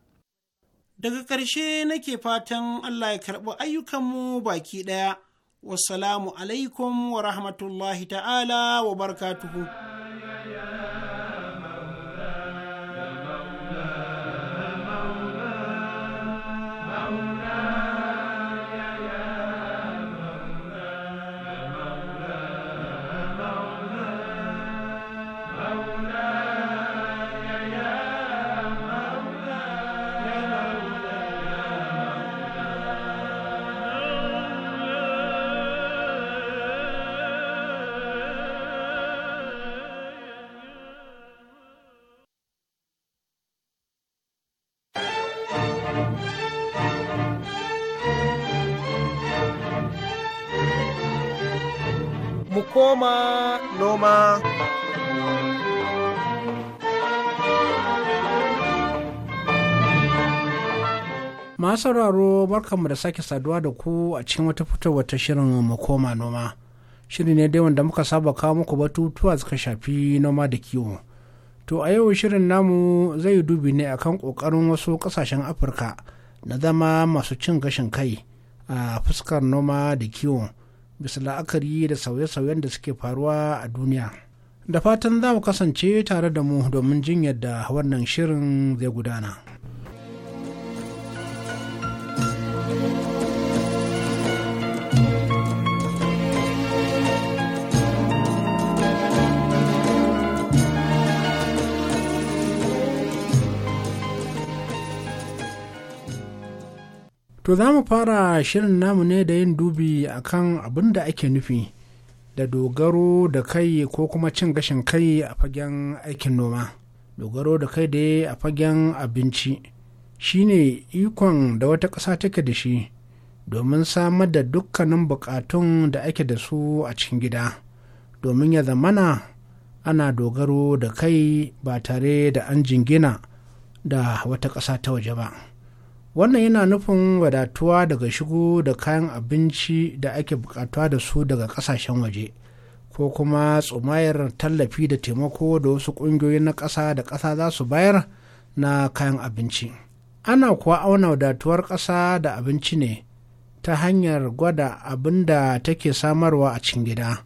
Daga ƙarshe nake fatan Allah ya karɓi ayyukanmu baki ɗaya, wassalamu alaikum wa rahmatullahi ta'ala wa barkatuhu. noma noma masu sauraro barkanmu da sake saduwa da ku a cikin wata fitowar ta shirin makoma noma shiri ne dai wanda muka saba kawo muku batutuwa suka shafi noma da kiwo to a yau shirin namu zai dubi ne akan kokarin wasu kasashen afirka na zama masu cin gashin kai a fuskar noma da kiwo bisa la'akari da sauye-sauyen da suke faruwa a duniya da fatan za mu kasance tare da mu domin jin yadda wannan shirin zai gudana. To za mu fara shirin namu ne da yin dubi akan abin da ake nufi da dogaro da kai ko kuma cin gashin kai a fagen aikin noma. Dogaro da kai da a fagen abinci shi ne ikon da wata ƙasa take da shi domin samar da dukkanin buƙatun da ake da su a cikin gida domin ya zamana ana dogaro da kai ba tare da an jingina da wata ƙasa ta waje ba. wannan yana nufin wadatuwa daga shigo da kayan abinci da ake bukatuwa da su daga kasashen waje ko kuma tsumayar tallafi da taimako da wasu ƙungiyoyin na ƙasa da ƙasa za su bayar na kayan abinci ana kuwa auna wadatuwar ƙasa da abinci ne ta hanyar gwada abin da take samarwa a cikin gida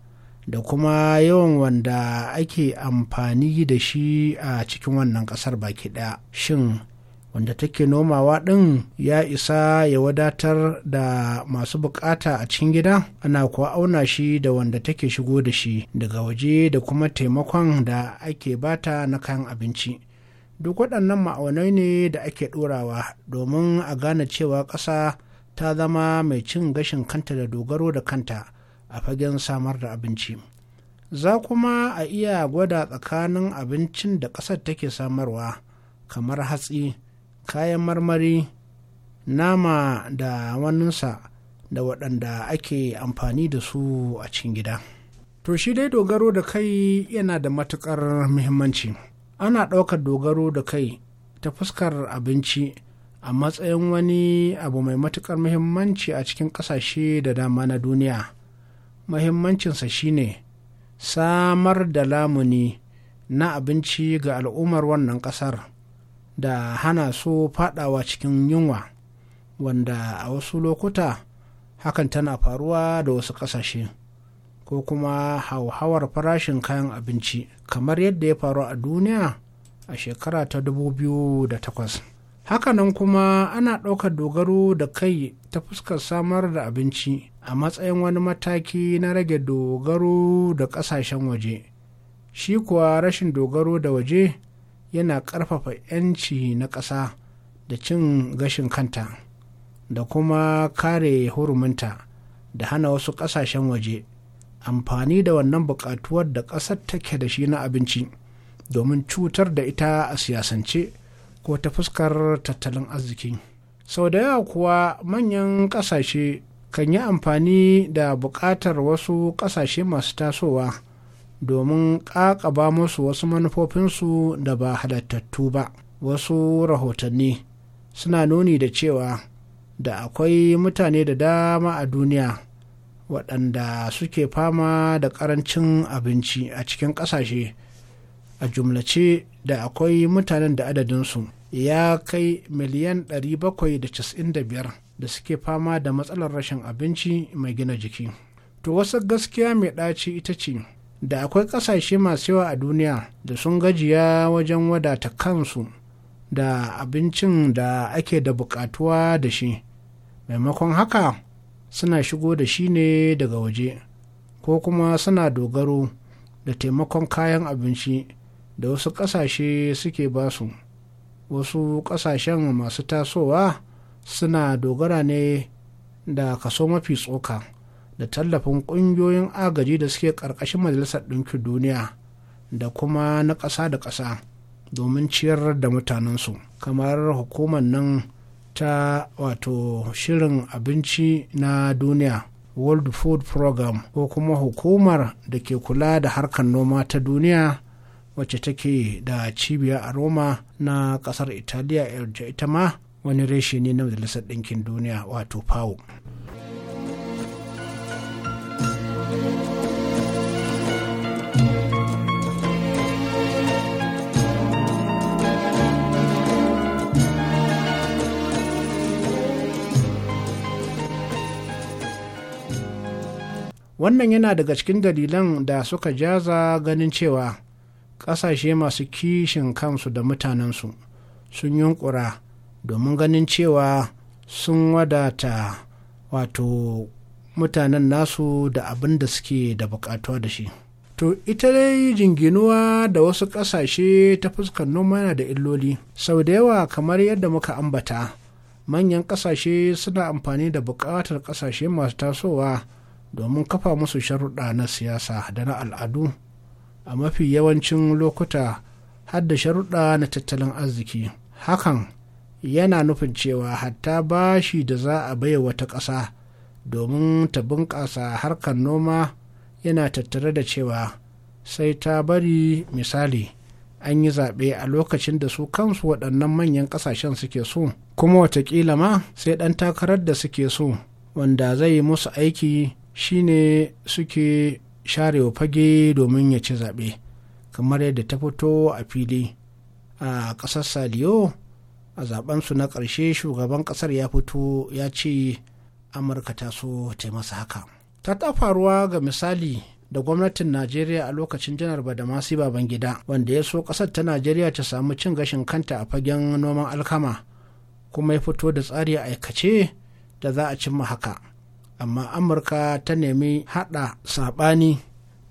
da kuma yawan wanda ake amfani da shi a cikin wannan ƙasar baki ɗaya shin wanda take nomawa ɗin ya isa ya wadatar da masu bukata a cikin gida ana kuwa auna shi da wanda take shigo da shi daga waje da kuma taimakon da ake bata na kayan abinci duk waɗannan ma'aunai ne da ake ɗorawa domin a gane cewa ƙasa ta zama mai cin gashin kanta da dogaro da kanta a fagen samar da abinci za kuma a iya gwada tsakanin abincin da ƙasar take samarwa kamar hatsi kayan marmari nama da waninsa da waɗanda ake amfani da su a cikin gida to shi dai dogaro da kai yana da matuƙar muhimmanci ana ɗaukar dogaro da kai ta fuskar abinci a matsayin wani abu mai matuƙar muhimmanci a cikin ƙasashe da dama na duniya muhimmancinsa shine samar da lamuni na abinci ga al'ummar wannan ƙasar da hana su fadawa cikin yunwa wanda a wasu lokuta hakan tana faruwa da wasu ƙasashe ko kuma hauhawar farashin kayan abinci kamar yadda ya faru a duniya a shekara ta 2008 hakanan kuma ana ɗaukar dogaro da kai ta fuskar samar da abinci a matsayin wani mataki na rage dogaro da ƙasashen waje shi kuwa rashin dogaro da waje yana ƙarfafa 'yanci na ƙasa da cin gashin kanta da kuma kare huruminta da hana wasu ƙasashen waje amfani da wannan buƙatuwar da ƙasar take da shi na abinci domin cutar da ita a siyasance ko ta fuskar tattalin arziki sau da yawa kuwa manyan ƙasashe kan yi amfani da buƙatar wasu ƙasashe masu tasowa domin ƙaƙaba musu wasu manufofinsu da ba halattattu ba wasu rahotanni suna nuni da cewa da akwai mutane da dama a duniya waɗanda suke fama da ƙarancin abinci a cikin ƙasashe a jumlace da akwai mutanen da adadinsu ya kai miliyan 795 da suke fama da matsalar rashin abinci mai gina jiki. To wasu gaskiya mai ɗaci ita ce da akwai ƙasashe masu yawa a duniya da sun gajiya wajen wadata kansu da abincin da ake da buƙatuwa da shi maimakon haka suna shigo da shi ne daga waje ko kuma suna dogaro da taimakon kayan abinci da wasu ƙasashe suke basu wasu ƙasashen masu tasowa suna dogara ne da kaso mafi tsoka da tallafin ƙungiyoyin agaji da suke ƙarƙashin majalisar ɗinkin duniya da kuma na ƙasa da ƙasa domin ciyar da mutanensu kamar hukumar nan ta wato shirin abinci na duniya world food program ko kuma hukumar da ke kula da harkar noma ta duniya wacce take da cibiya a roma na kasar italiya ita ma wani reshe ne na majalisar ɗinkin duniya wato pawo wannan yana daga cikin dalilan da suka jaza ganin cewa ƙasashe masu kishin kansu da mutanensu sun yunkura domin ganin cewa sun wadata wato mutanen nasu da abin da suke da bukatuwa da shi to ita dai jinginuwa da wasu ƙasashe ta fuskar noma na da illoli sau da yawa kamar yadda muka ambata manyan ƙasashe suna amfani da buƙatar ƙasashe masu tasowa domin kafa musu sharuɗa na siyasa da na al'adu a mafi yawancin lokuta har da sharuɗa na tattalin arziki hakan yana nufin cewa hatta bashi da za a baiwa wata ƙasa domin ta bunƙasa harkar noma yana tattare da cewa sai ta bari misali an yi zaɓe a lokacin da su kansu waɗannan manyan ƙasashen suke so kuma watakila ma sai ɗan takarar da suke so wanda zai yi musu aiki shine suke sharewa fage domin ya ci zaɓe kamar yadda ta fito a fili a ƙasar saliyo a zaɓensu na ƙarshe shugaban ƙasar ya fito ya ce amurka ta so ta masa haka ta ta faruwa ga misali da gwamnatin najeriya a lokacin janar badamasi babangida wanda ya so ƙasar ta najeriya ta samu cin gashin kanta a fagen noman alkama kuma ya fito da tsari a aikace da za a cimma haka amma amurka ta nemi hada sabani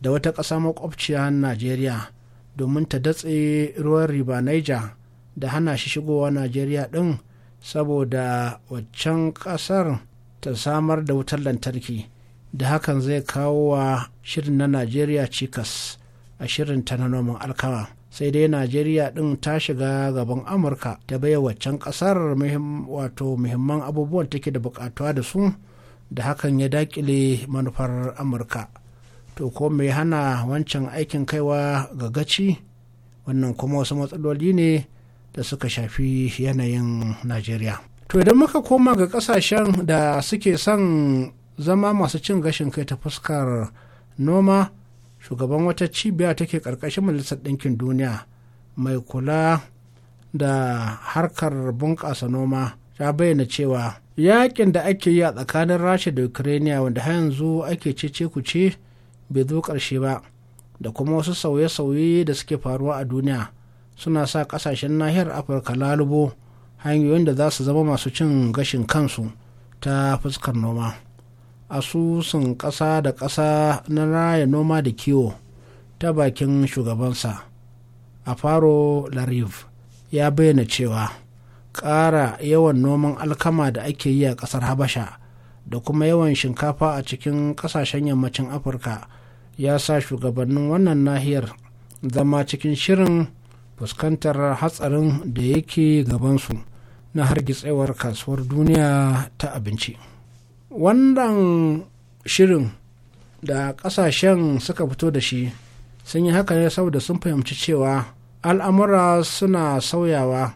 da wata ƙasa makwabciya najeriya domin ta datse ruwan riba niger da hana shi shigowa najeriya ɗin saboda waccan ƙasar ta samar da wutar lantarki da hakan zai kawo wa shirin na najeriya cikas a shirin ta na noman alkawa sai dai najeriya ɗin ta shiga gaban amurka ta baiwa waccan kasar wato muhimman abubuwan take da bukatuwa da su da hakan ya dakile manufar amurka to ko mai hana wancan aikin kaiwa ga gaci wannan kuma wasu matsaloli ne da suka shafi yanayin najeriya to idan muka koma ga kasashen da suke son zama masu cin gashin kai ta fuskar noma shugaban wata cibiya take ƙarƙashin majalisar ɗinkin duniya mai kula da harkar bunƙasa noma Ya bayyana cewa yakin da ake yi a tsakanin rasha da ukraine wanda har yanzu ake cece ku ce bai zo ƙarshe ba da kuma wasu sauye-sauye da suke faruwa a duniya suna sa ƙasashen nahiyar afirka lalubo hanyoyin da za su zama masu cin gashin kansu ta fuskar noma asusun ƙasa da ƙasa na raya noma da kiwo ta bakin shugabansa a faro lariv ya bayyana cewa ƙara yawan noman alkama da ake yi a ƙasar habasha da kuma yawan shinkafa a cikin ƙasashen yammacin afirka ya sa shugabannin wannan nahiyar zama cikin shirin fuskantar hatsarin da yake gabansu na hargitsewar kasuwar duniya ta abinci wannan shirin da ƙasashen suka fito da shi sun yi haka ne saboda sun fahimci cewa al'amura suna sauyawa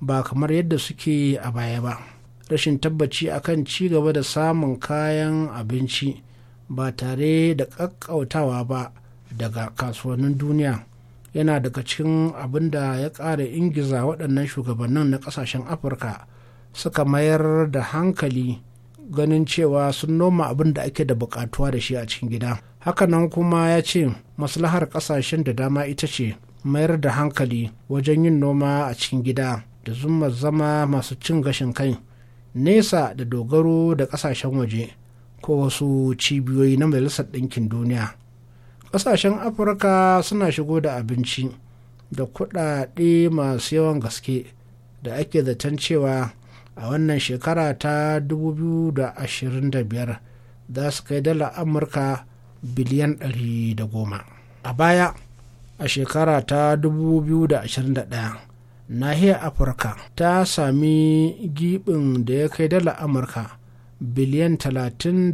ba kamar yadda suke a baya ba rashin tabbaci akan ci gaba da samun kayan abinci ba tare da ƙaƙƙautawa ba daga kasuwannin duniya yana daga cikin abin da ya ƙara ingiza waɗannan shugabannin na ƙasashen afirka suka mayar da hankali ganin cewa sun noma abin da ake da buƙatuwa da shi a cikin gida hakanan kuma ya ce maslahar ƙasashen da dama ita ce mayar da hankali wajen yin noma a cikin gida da zuma zama masu cin gashin kai nesa da dogaro da kasashen waje ko wasu cibiyoyi na majalisar ɗinkin duniya ƙasashen afirka suna shigo da abinci da kuɗaɗe masu yawan gaske da ake zaton cewa a wannan shekara ta 2025 za su kai dala amurka biliyan 110 a baya a shekara ta 2021 nahiyar afirka ta sami gibin da ya kai dala amurka biliyan 36.3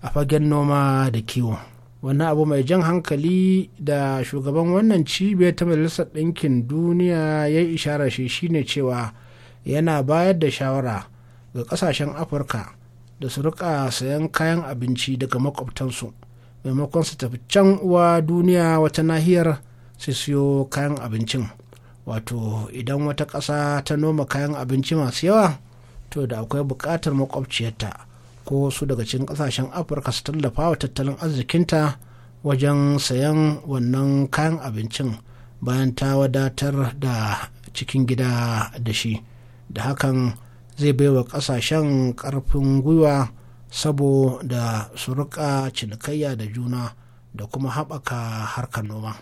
a fagen noma da kiwo wani abu mai jan hankali da shugaban wannan cibiyar ta majalisar ɗinkin duniya ya yi isharar shi shine cewa yana bayar da shawara ga ƙasashen afirka da su rika sayan kayan abinci daga makwabtansu maimakon su tafi can uwa duniya wata nahiyar su siyo kayan abincin wato idan wata ƙasa ta noma kayan abinci masu yawa to da akwai buƙatar makwabciyarta ko su daga cikin ƙasashen afirka su tallafa wa tattalin arzikinta wajen sayan wannan kayan abincin bayan ta wadatar da cikin gida da shi da hakan zai baiwa ƙasashen ƙarfin gwiwa saboda su rika cinikayya da juna da kuma haɓaka harkar noma.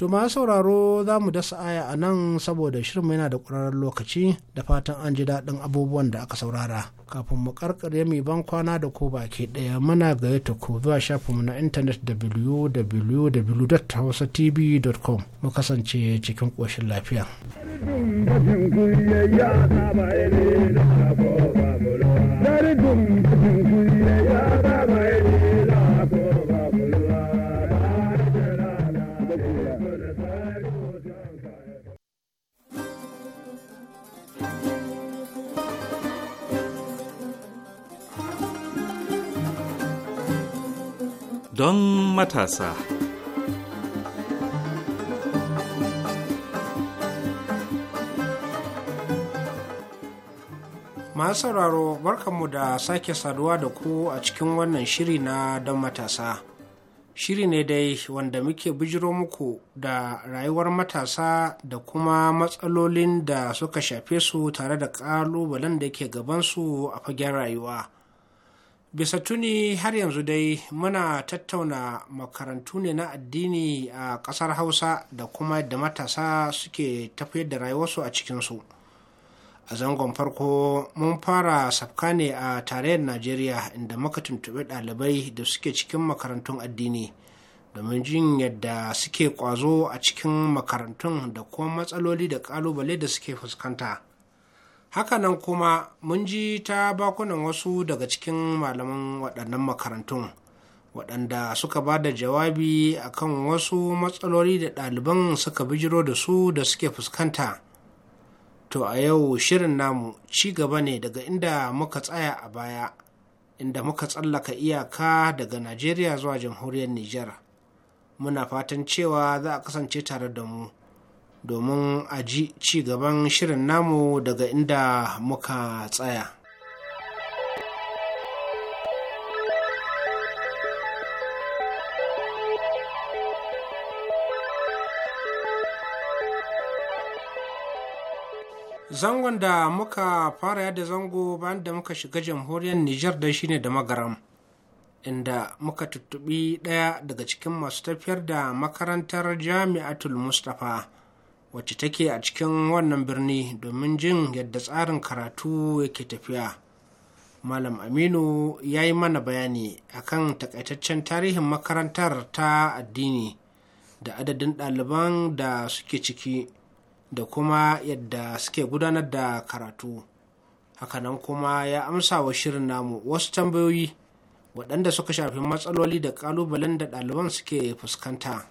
To ma sauraro za mu dasa aya a nan saboda shirin yana da ƙwararren lokaci da fatan an ji daɗin abubuwan da aka saurara. Kafin mu karkare mai ban kwana da ko baki ɗaya muna gayyata ko zuwa shafinmu na intanet www.hausatv.com mu kasance cikin ƙoshin lafiya. Dari dum don matasa. Masu sauraro barkanmu da sake saduwa da ku a cikin wannan shiri na don matasa. Shiri ne dai wanda muke bijiro muku da rayuwar matasa da kuma matsalolin da suka shafe su tare da ƙalubalen da ke gabansu a fagen rayuwa. bisa tuni har yanzu dai muna tattauna makarantu ne na addini a ƙasar hausa da kuma da matasa suke tafiyar da rayuwarsu a cikinsu a zangon farko mun fara safka ne a tarayyar najeriya inda muka tuntuɓi ɗalibai da suke cikin makarantun addini domin jin yadda suke ƙwazo a cikin makarantun da kuma matsaloli da ƙalubale da suke fuskanta. hakanan kuma mun ji ta bakunan wasu daga cikin malaman waɗannan makarantun waɗanda suka ba da jawabi a kan wasu matsaloli da ɗaliban suka bijiro da su da suke fuskanta to a yau shirin namu ci gaba ne daga inda muka tsaya a baya inda muka tsallaka iyaka daga najeriya zuwa jamhuriyar nijar muna fatan cewa za a kasance tare da mu domin a ji ci gaban shirin namu daga inda muka tsaya. zangon da muka fara yadda zango bayan da muka shiga jamhuriyar Nijar da shine da magaram inda muka tuttubi ɗaya daga cikin masu tafiyar da makarantar jami'atul mustapha wacce take a cikin wannan birni domin jin yadda tsarin karatu yake tafiya malam aminu ya yi mana bayani akan takaitaccen tarihin makarantar ta addini da adadin ɗaliban da suke ciki da kuma yadda suke gudanar da karatu hakanan kuma ya amsa wa shirin namu wasu tambayoyi waɗanda suka shafi matsaloli da ƙalubalen da ɗaliban suke fuskanta.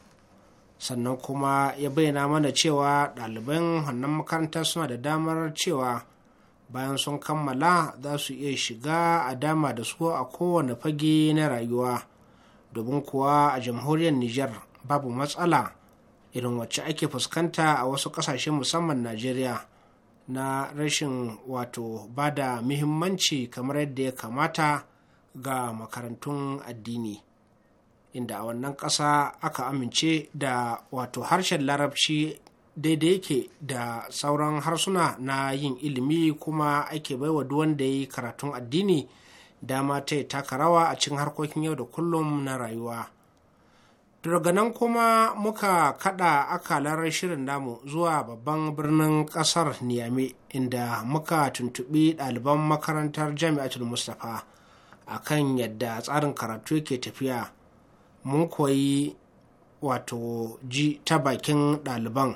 sannan kuma ya bayyana mana cewa ɗaliban hannun makaranta suna da damar cewa bayan sun kammala za su iya shiga a dama da su a kowane fage na rayuwa domin kuwa a jamhuriyar niger babu matsala irin wacce ake fuskanta a wasu ƙasashe musamman najeriya na rashin wato bada muhimmanci kamar yadda ya kamata ga makarantun addini inda a wannan ƙasa aka amince da wato harshen larabci daidai yake da sauran harsuna na yin ilimi kuma ake baiwa duwan da ya yi karatun addini dama ta yi taka rawa a cikin harkokin yau da kullum na rayuwa daga nan kuma muka kada akalar shirin namu zuwa babban birnin kasar niyame inda muka tuntuɓi ɗaliban makarantar jami'atul mustapha akan yadda tsarin karatu yake tafiya mun koyi wato ji ta bakin ɗaliban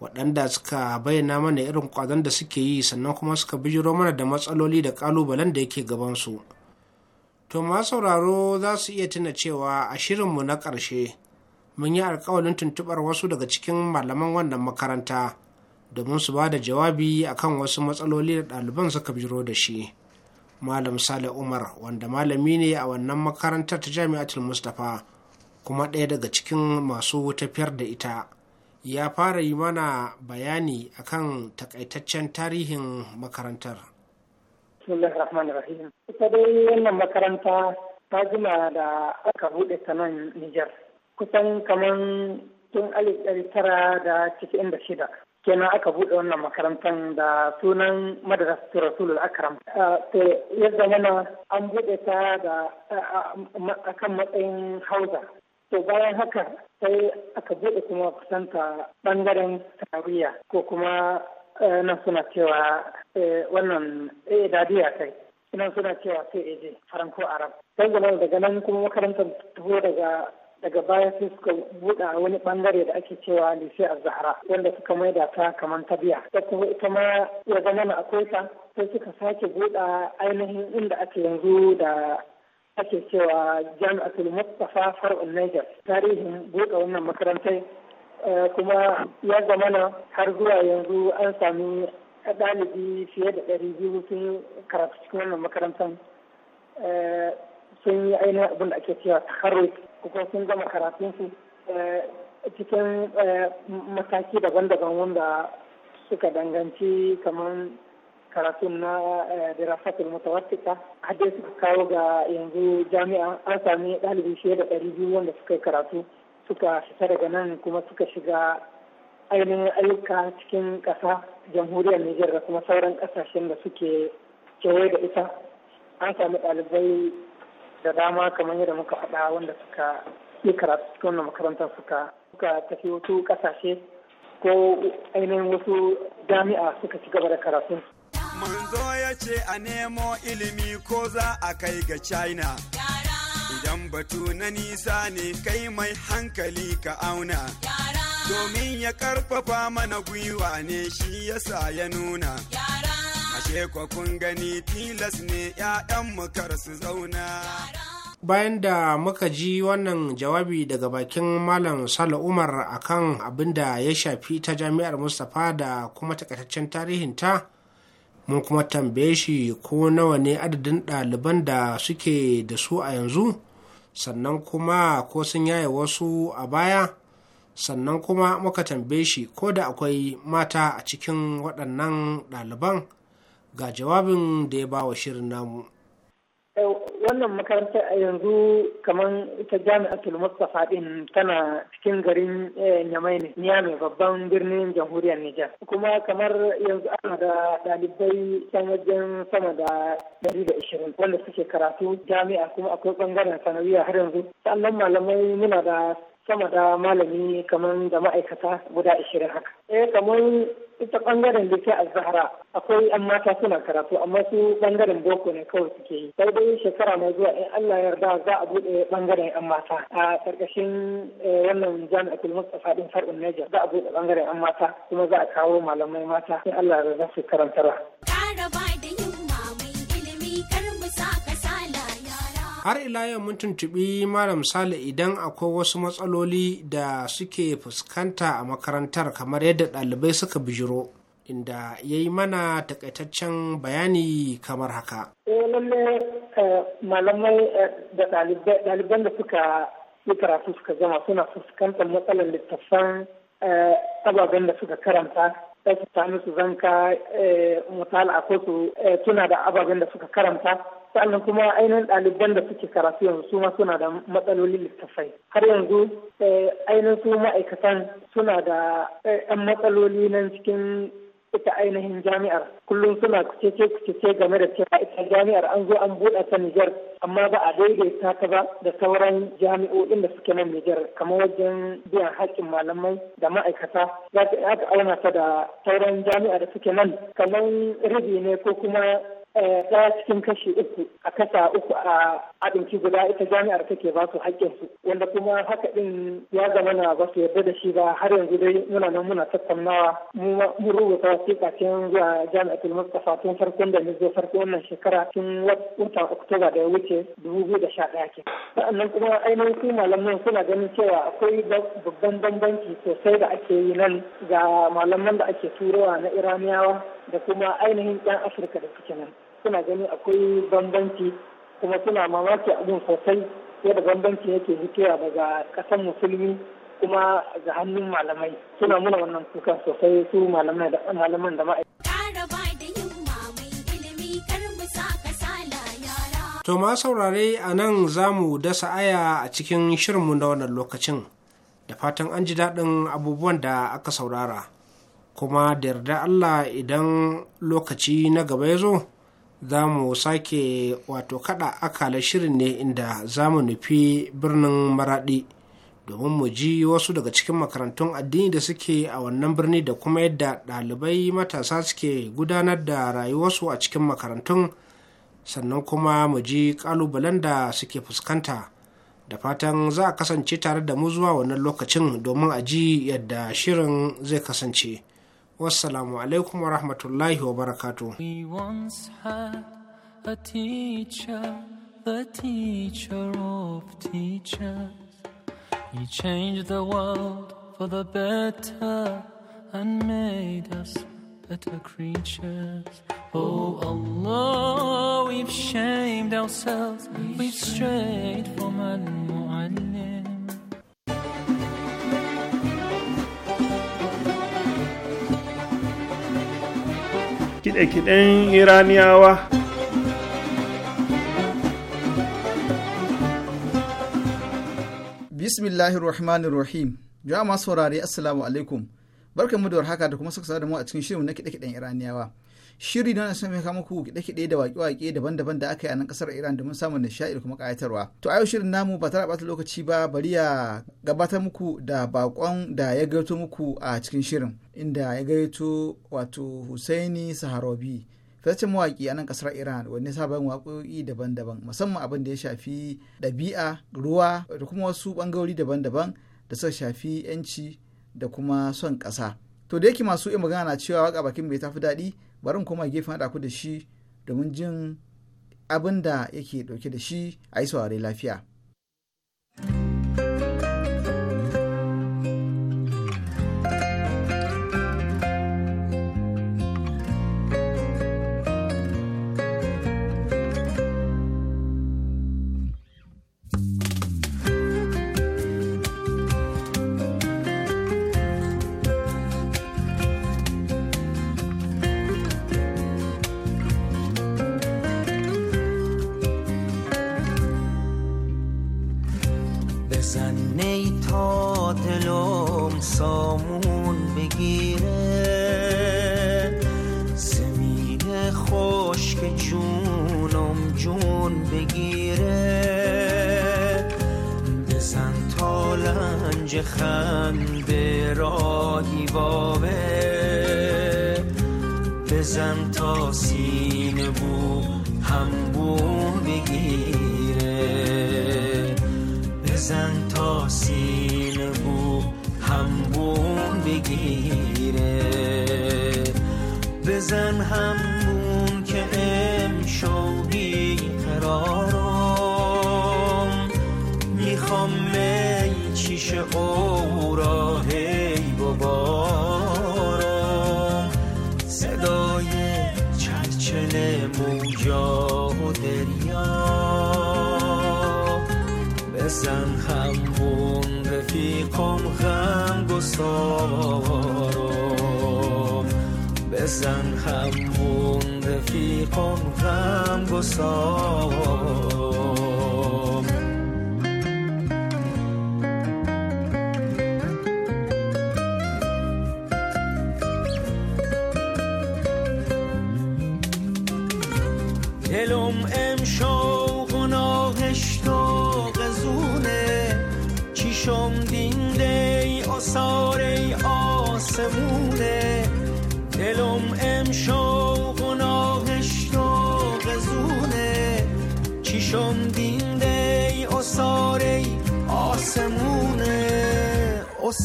waɗanda suka bayyana mana irin ƙwazon da suke yi sannan kuma suka bijiro mana da matsaloli da ƙalubalen da yake gabansu to ma sauraro za su iya tuna cewa a shirinmu na ƙarshe mun yi alkawalin tuntuɓar wasu daga cikin malaman wannan makaranta domin su ba da jawabi akan wasu matsaloli da ɗaliban suka bijiro da shi malam sale umar wanda malami ne a wannan makarantar ta jami'atul mustapha kuma ɗaya daga cikin masu tafiyar da ita ya fara yi mana bayani akan takaitaccen tarihin makarantar. dai wannan makaranta ta jima da aka buɗe ta nan Nijar. Kusan kamar tun alif ɗari tara da cikin da shida. kenan aka buɗe wannan makarantar da sunan madrasatu rasulul akram to yadda mana an buɗe ta da akan matsayin hausa to bayan haka sai aka buɗe kuma kusanta ɓangaren tarayya ko kuma eh, nan suna cewa eh, wannan eh, dadiya kai nan suna cewa sai eje faranko arab dangane daga nan kuma makarantar taho daga daga baya sai suka buɗa wani ɓangare da ake cewa lise a zahra wanda suka maida ta kamar ta biya da kuma ita ma ya zama na akwai ta sai suka sake buɗa ainihin inda ake yanzu da ake cewa jami'atul mustafa far'un niger tarihin buɗe wannan makarantai eh, kuma ya zamana har zuwa yanzu an sami ɗalibi fiye da ɗari biyu sun karatu cikin wannan makarantar eh, sun yi ainihin abin da ake cewa takarwe kuma sun gama karatunsu eh, cikin mataki daban-daban wanda suka danganci kamar karatun na eh, dirasatul mutawassita har suka kawo ga yanzu jami'a an sami ɗalibi fiye da ɗari biyu wanda suka yi karatu suka fita daga nan kuma suka shiga ainihin ayyuka cikin ƙasa jamhuriyar Nijar da kuma sauran ƙasashen da suke kewaye da ita an sami ɗalibai da dama kamar yadda muka faɗa wanda suka yi karatu cikin wannan makarantar suka suka tafi wasu ƙasashe ko ainihin wasu jami'a suka ci gaba da karatu Manzo ya ce a nemo ilimi ko za a kai ga China. Idan batu na nisa ne kai mai hankali ka auna. Domin ya karfafa mana gwiwa ne shi yasa ya nuna. Ashe kwa gani tilas ne 'ya'yan makar su zauna. bayan da muka ji wannan jawabi daga bakin malam sala umar akan abin da ya shafi ta jami'ar mustapha da kuma takaitaccen tarihinta mun kuma tambaye shi ko nawa ne adadin ɗaliban da suke da su a yanzu sannan kuma ko sun yaye wasu a baya sannan kuma muka tambaye shi ko da akwai mata a cikin waɗannan ɗaliban ga jawabin da ya ba wa shirin namu Eh, wannan makaranta a yanzu kamar ta jami'a mustapha din tana cikin garin eh, nyamai ne mai babban birnin jamhuriyar nijar kuma kamar yanzu ana da ɗalibai can wajen sama da 120 wanda suke karatu jami'a kuma akwai bangaren sanariya har yanzu sannan malamai muna da sama da malami kamar da ma'aikata guda ashirin haka. Eh kamar ita bangaren da ke azahara akwai yan mata suna karatu amma su bangaren boko ne kawai suke yi. Sai dai shekara mai zuwa in Allah yarda za a buɗe bangaren yan mata a karkashin eh, wannan jami'atul Mustafa din far'un Niger za a buɗe bangaren yan mata kuma za a kawo malamai mata in Allah yarda za su karantarwa. har ila yau mun tuntuɓi malam sale idan akwai wasu matsaloli da suke fuskanta a makarantar kamar yadda ɗalibai suka bijiro inda ya yi mana takaitaccen bayani kamar haka. Eh, lalle eh, malamai eh, da ɗaliban da suka yi karatu suka zama suna fuskantar matsalar littattafan ababen da suka karanta su ta su zanka mutala ko su tuna da ababen da suka karanta sannan kuma ainihin ɗaliban da suke karatu yanzu su ma suna da matsaloli littattafai har yanzu eh, ainihin su ma'aikatan suna da 'yan eh, matsaloli nan cikin ita ainihin jami'ar kullum suna kucece kucece game da cewa ita jami'ar an zo an buɗe ta Nijar amma ba a daidaita ta ba da sauran jami'o'in da suke nan Nijar kamar wajen biyan haƙƙin malamai da ma'aikata za ta auna ta da sauran jami'ar da suke nan kamar rabi ne ko kuma ɗaya eh, cikin kashi uku a kasa uku a abinci guda ita jami'ar take ba su haƙƙinsu wanda kuma haka ɗin ya zama na ba su yarda da shi ba har yanzu dai muna nan muna tattaunawa mun rubuta wasiƙa cikin zuwa jami'atul mustafa tun farkon da nizo farkon wannan shekara tun watan oktoba da ya wuce dubu biyu da sha ɗaya ke sa'annan kuma ainihin su malaman suna ganin cewa akwai babban bambanci sosai da ake yi nan ga malaman da ake turowa na iraniyawa da kuma ainihin 'yan afirka da suke nan suna gani akwai bambanci kuma suna mamaki abin sosai yadda bambanci yake mutuwa daga kasan musulmi kuma ga hannun malamai suna muna wannan kuka sosai su malamai da malaman da To ma saurare a nan za mu dasa aya a cikin shirinmu na wannan lokacin, da fatan an ji daɗin abubuwan da aka saurara, kuma da yarda Allah idan lokaci na gaba ya zo za mu sake wato kada akala shirin ne inda za mu nufi birnin maradi domin mu ji wasu daga cikin makarantun addini da suke a wannan birni da kuma yadda ɗalibai matasa suke gudanar da rayuwarsu a cikin makarantun sannan kuma mu ji ƙalubalen da suke fuskanta da fatan za a kasance tare da mu zuwa wannan lokacin domin a ji yadda shirin zai kasance. we once had a teacher the teacher of teachers he changed the world for the better and made us better creatures. Oh Allah, we've shamed ourselves, we've strayed from Allah. kiɗe-kiɗen iraniyawa bismillahir rahmanir rahim jama'a saurari saurare assalamu alaikum barkanmu da warhaka da kuma saka da mu a cikin shirin na kiɗe-kiɗen iraniyawa shiri don na kama ku kiɗe-kiɗe da waƙe-waƙe daban-daban da aka yi a nan ƙasar Iran domin samun nishaɗi da kuma ƙayatarwa. To a yau shirin namu ba tara bata lokaci ba bari ya gabatar muku da baƙon da ya gaito muku a cikin shirin inda ya gaito wato Husaini Saharobi. fitaccen mawaƙi a nan ƙasar iran wani sabon waƙoƙi daban-daban musamman abin da ya shafi ɗabi'a ruwa da kuma wasu ɓangarori daban-daban da suka shafi yanci da kuma son ƙasa to da yake masu iya magana na cewa waƙa bakin bai tafi daɗi bari in koma gefen haɗa ku da shi domin jin abin da yake ɗauke da shi a yi saurare lafiya.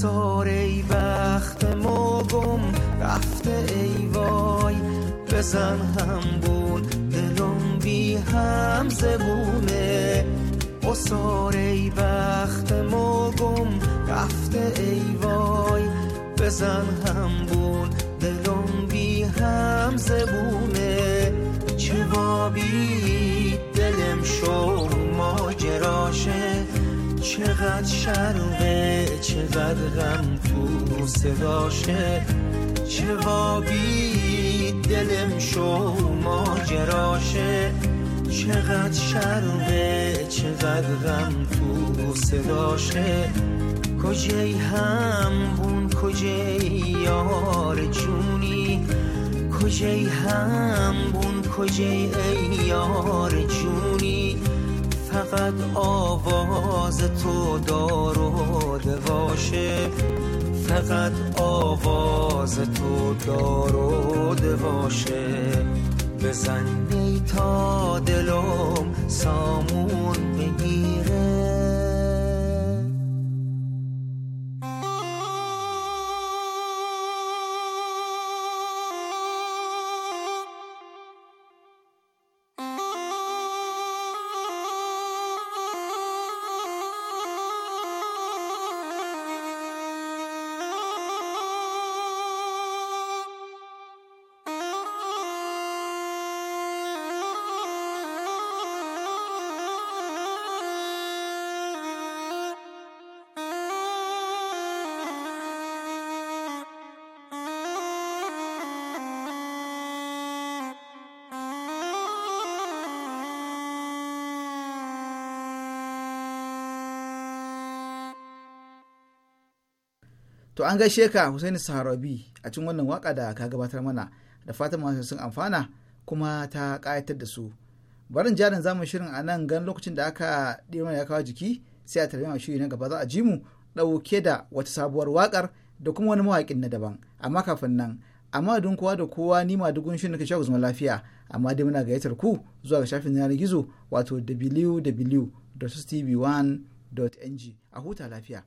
سار ای وقت ما گم رفته ای وای بزن هم بود دلم بی هم زبونه قصار ای وقت ما گم رفته ای وای بزن هم بود دلم بی هم زبونه چه بابی دلم شد چقدر شرمه چقدر غم تو صداشه چه وابی دلم شو ماجراشه چقدر شرمه چقدر غم تو صداشه کجای هم بون کجای یار جونی کجای هم بون کجای ای یار جونی فقط آواز تو دار و دواشه فقط آواز تو دار و دواشه بزن تا دلم سامون an gaishe ka Husaini Saharabi a cikin wannan waka da ka gabatar mana da fatan masu sun amfana kuma ta ƙayatar da su. Barin jarin zamu shirin a nan gan lokacin da aka ɗira ya kawo jiki sai a tarbiyyar shiri na gaba za a ji mu ɗauke da wata sabuwar wakar da kuma wani mawaƙin na daban. Amma kafin nan amma don kowa da kowa ni ma dugun shirin ka shafa zama lafiya amma dai muna gayyatar ku zuwa ga shafin yanar gizo wato www.tv1.ng a huta lafiya.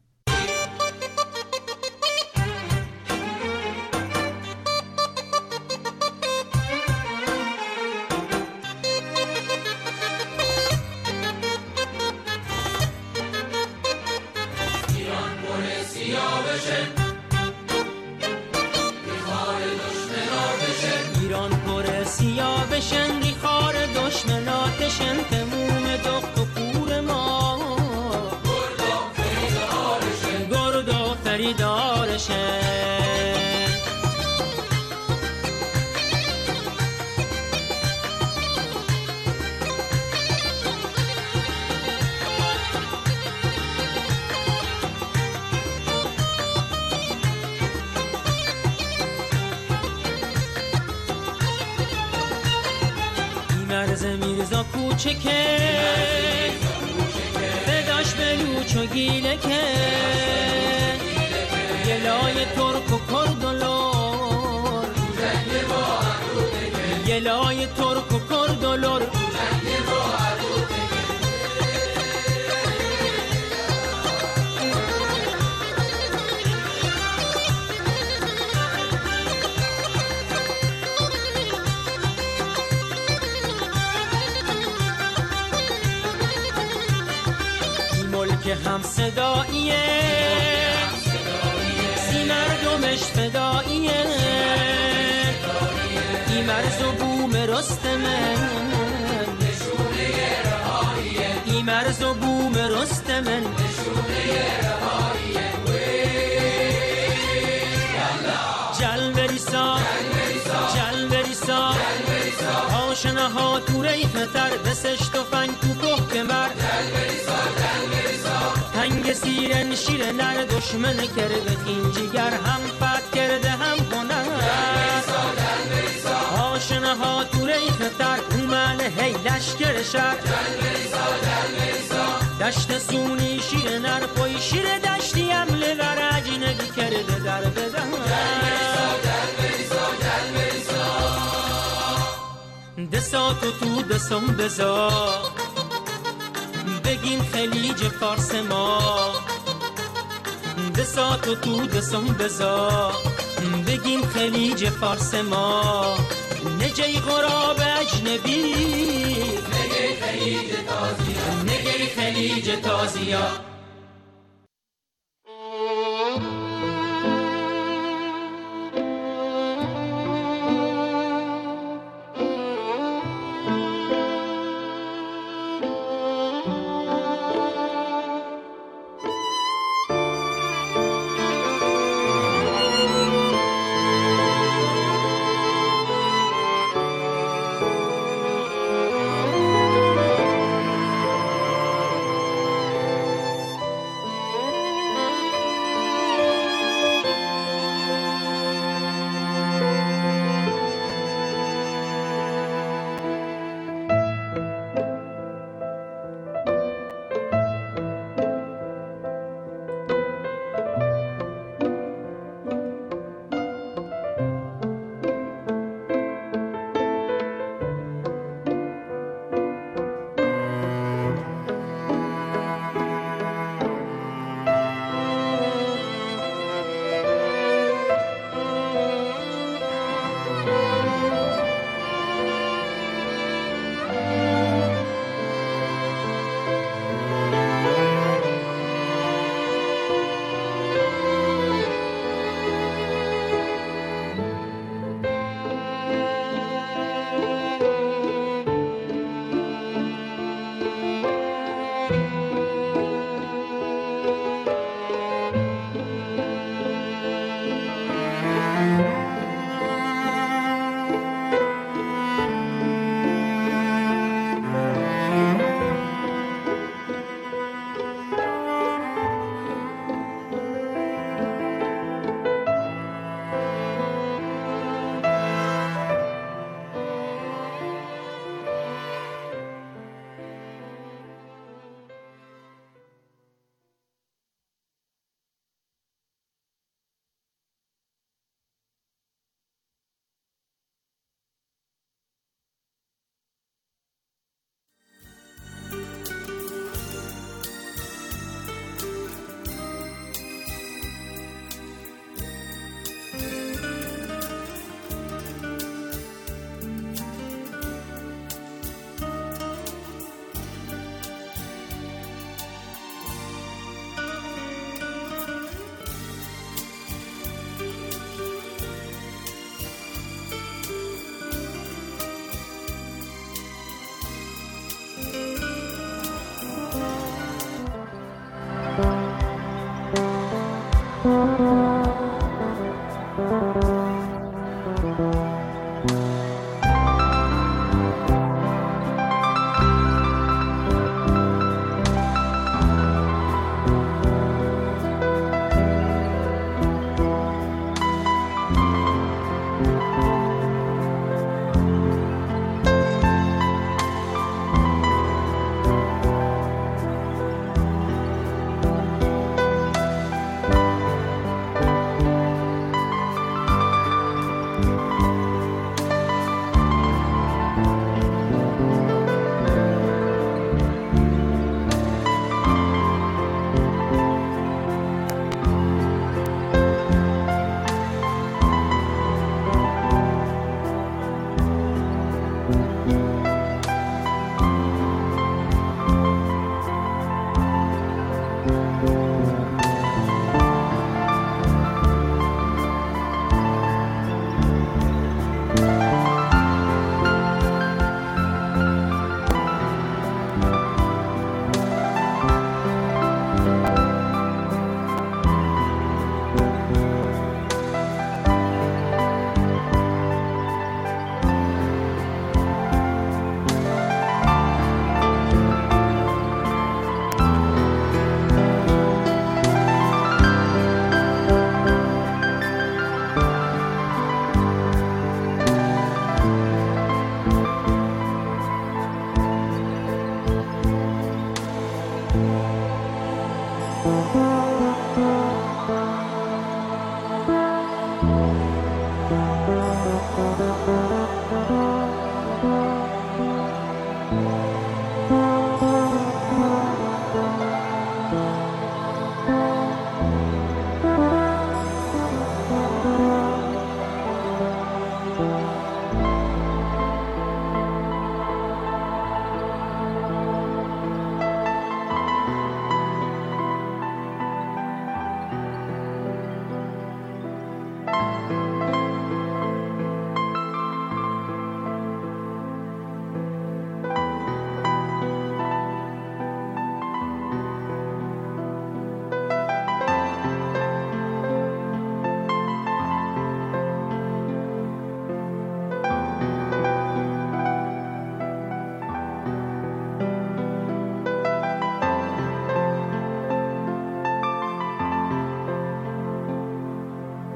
هم صداییه سی مردمش فداییه ای مرز و بوم رستمه نشونه رهاییه ای مرز و بوم رستمه نشونه آشناها تو ریف تر دستش تو فنگ تو گه که مر دل بریزا دل بریزا سیرن شیر نر دشمن کرد این جگر هم فت کرده هم کنه دل بریزا دل بریزا آشناها تو ریف تر اومن هی لش کرشد دل بریزا دل بریزا دشت سونی شیر نر پای شیر دشتی هم لبر عجی ندی کرده در بزن دل بریزا دسات و تو دسم بزا بگیم خلیج فارس ما دسات و تو دسم بزار بگیم خلیج فارس ما نجی غراب اجنبی نگه خلیج تازیا نگه خلیج تازیا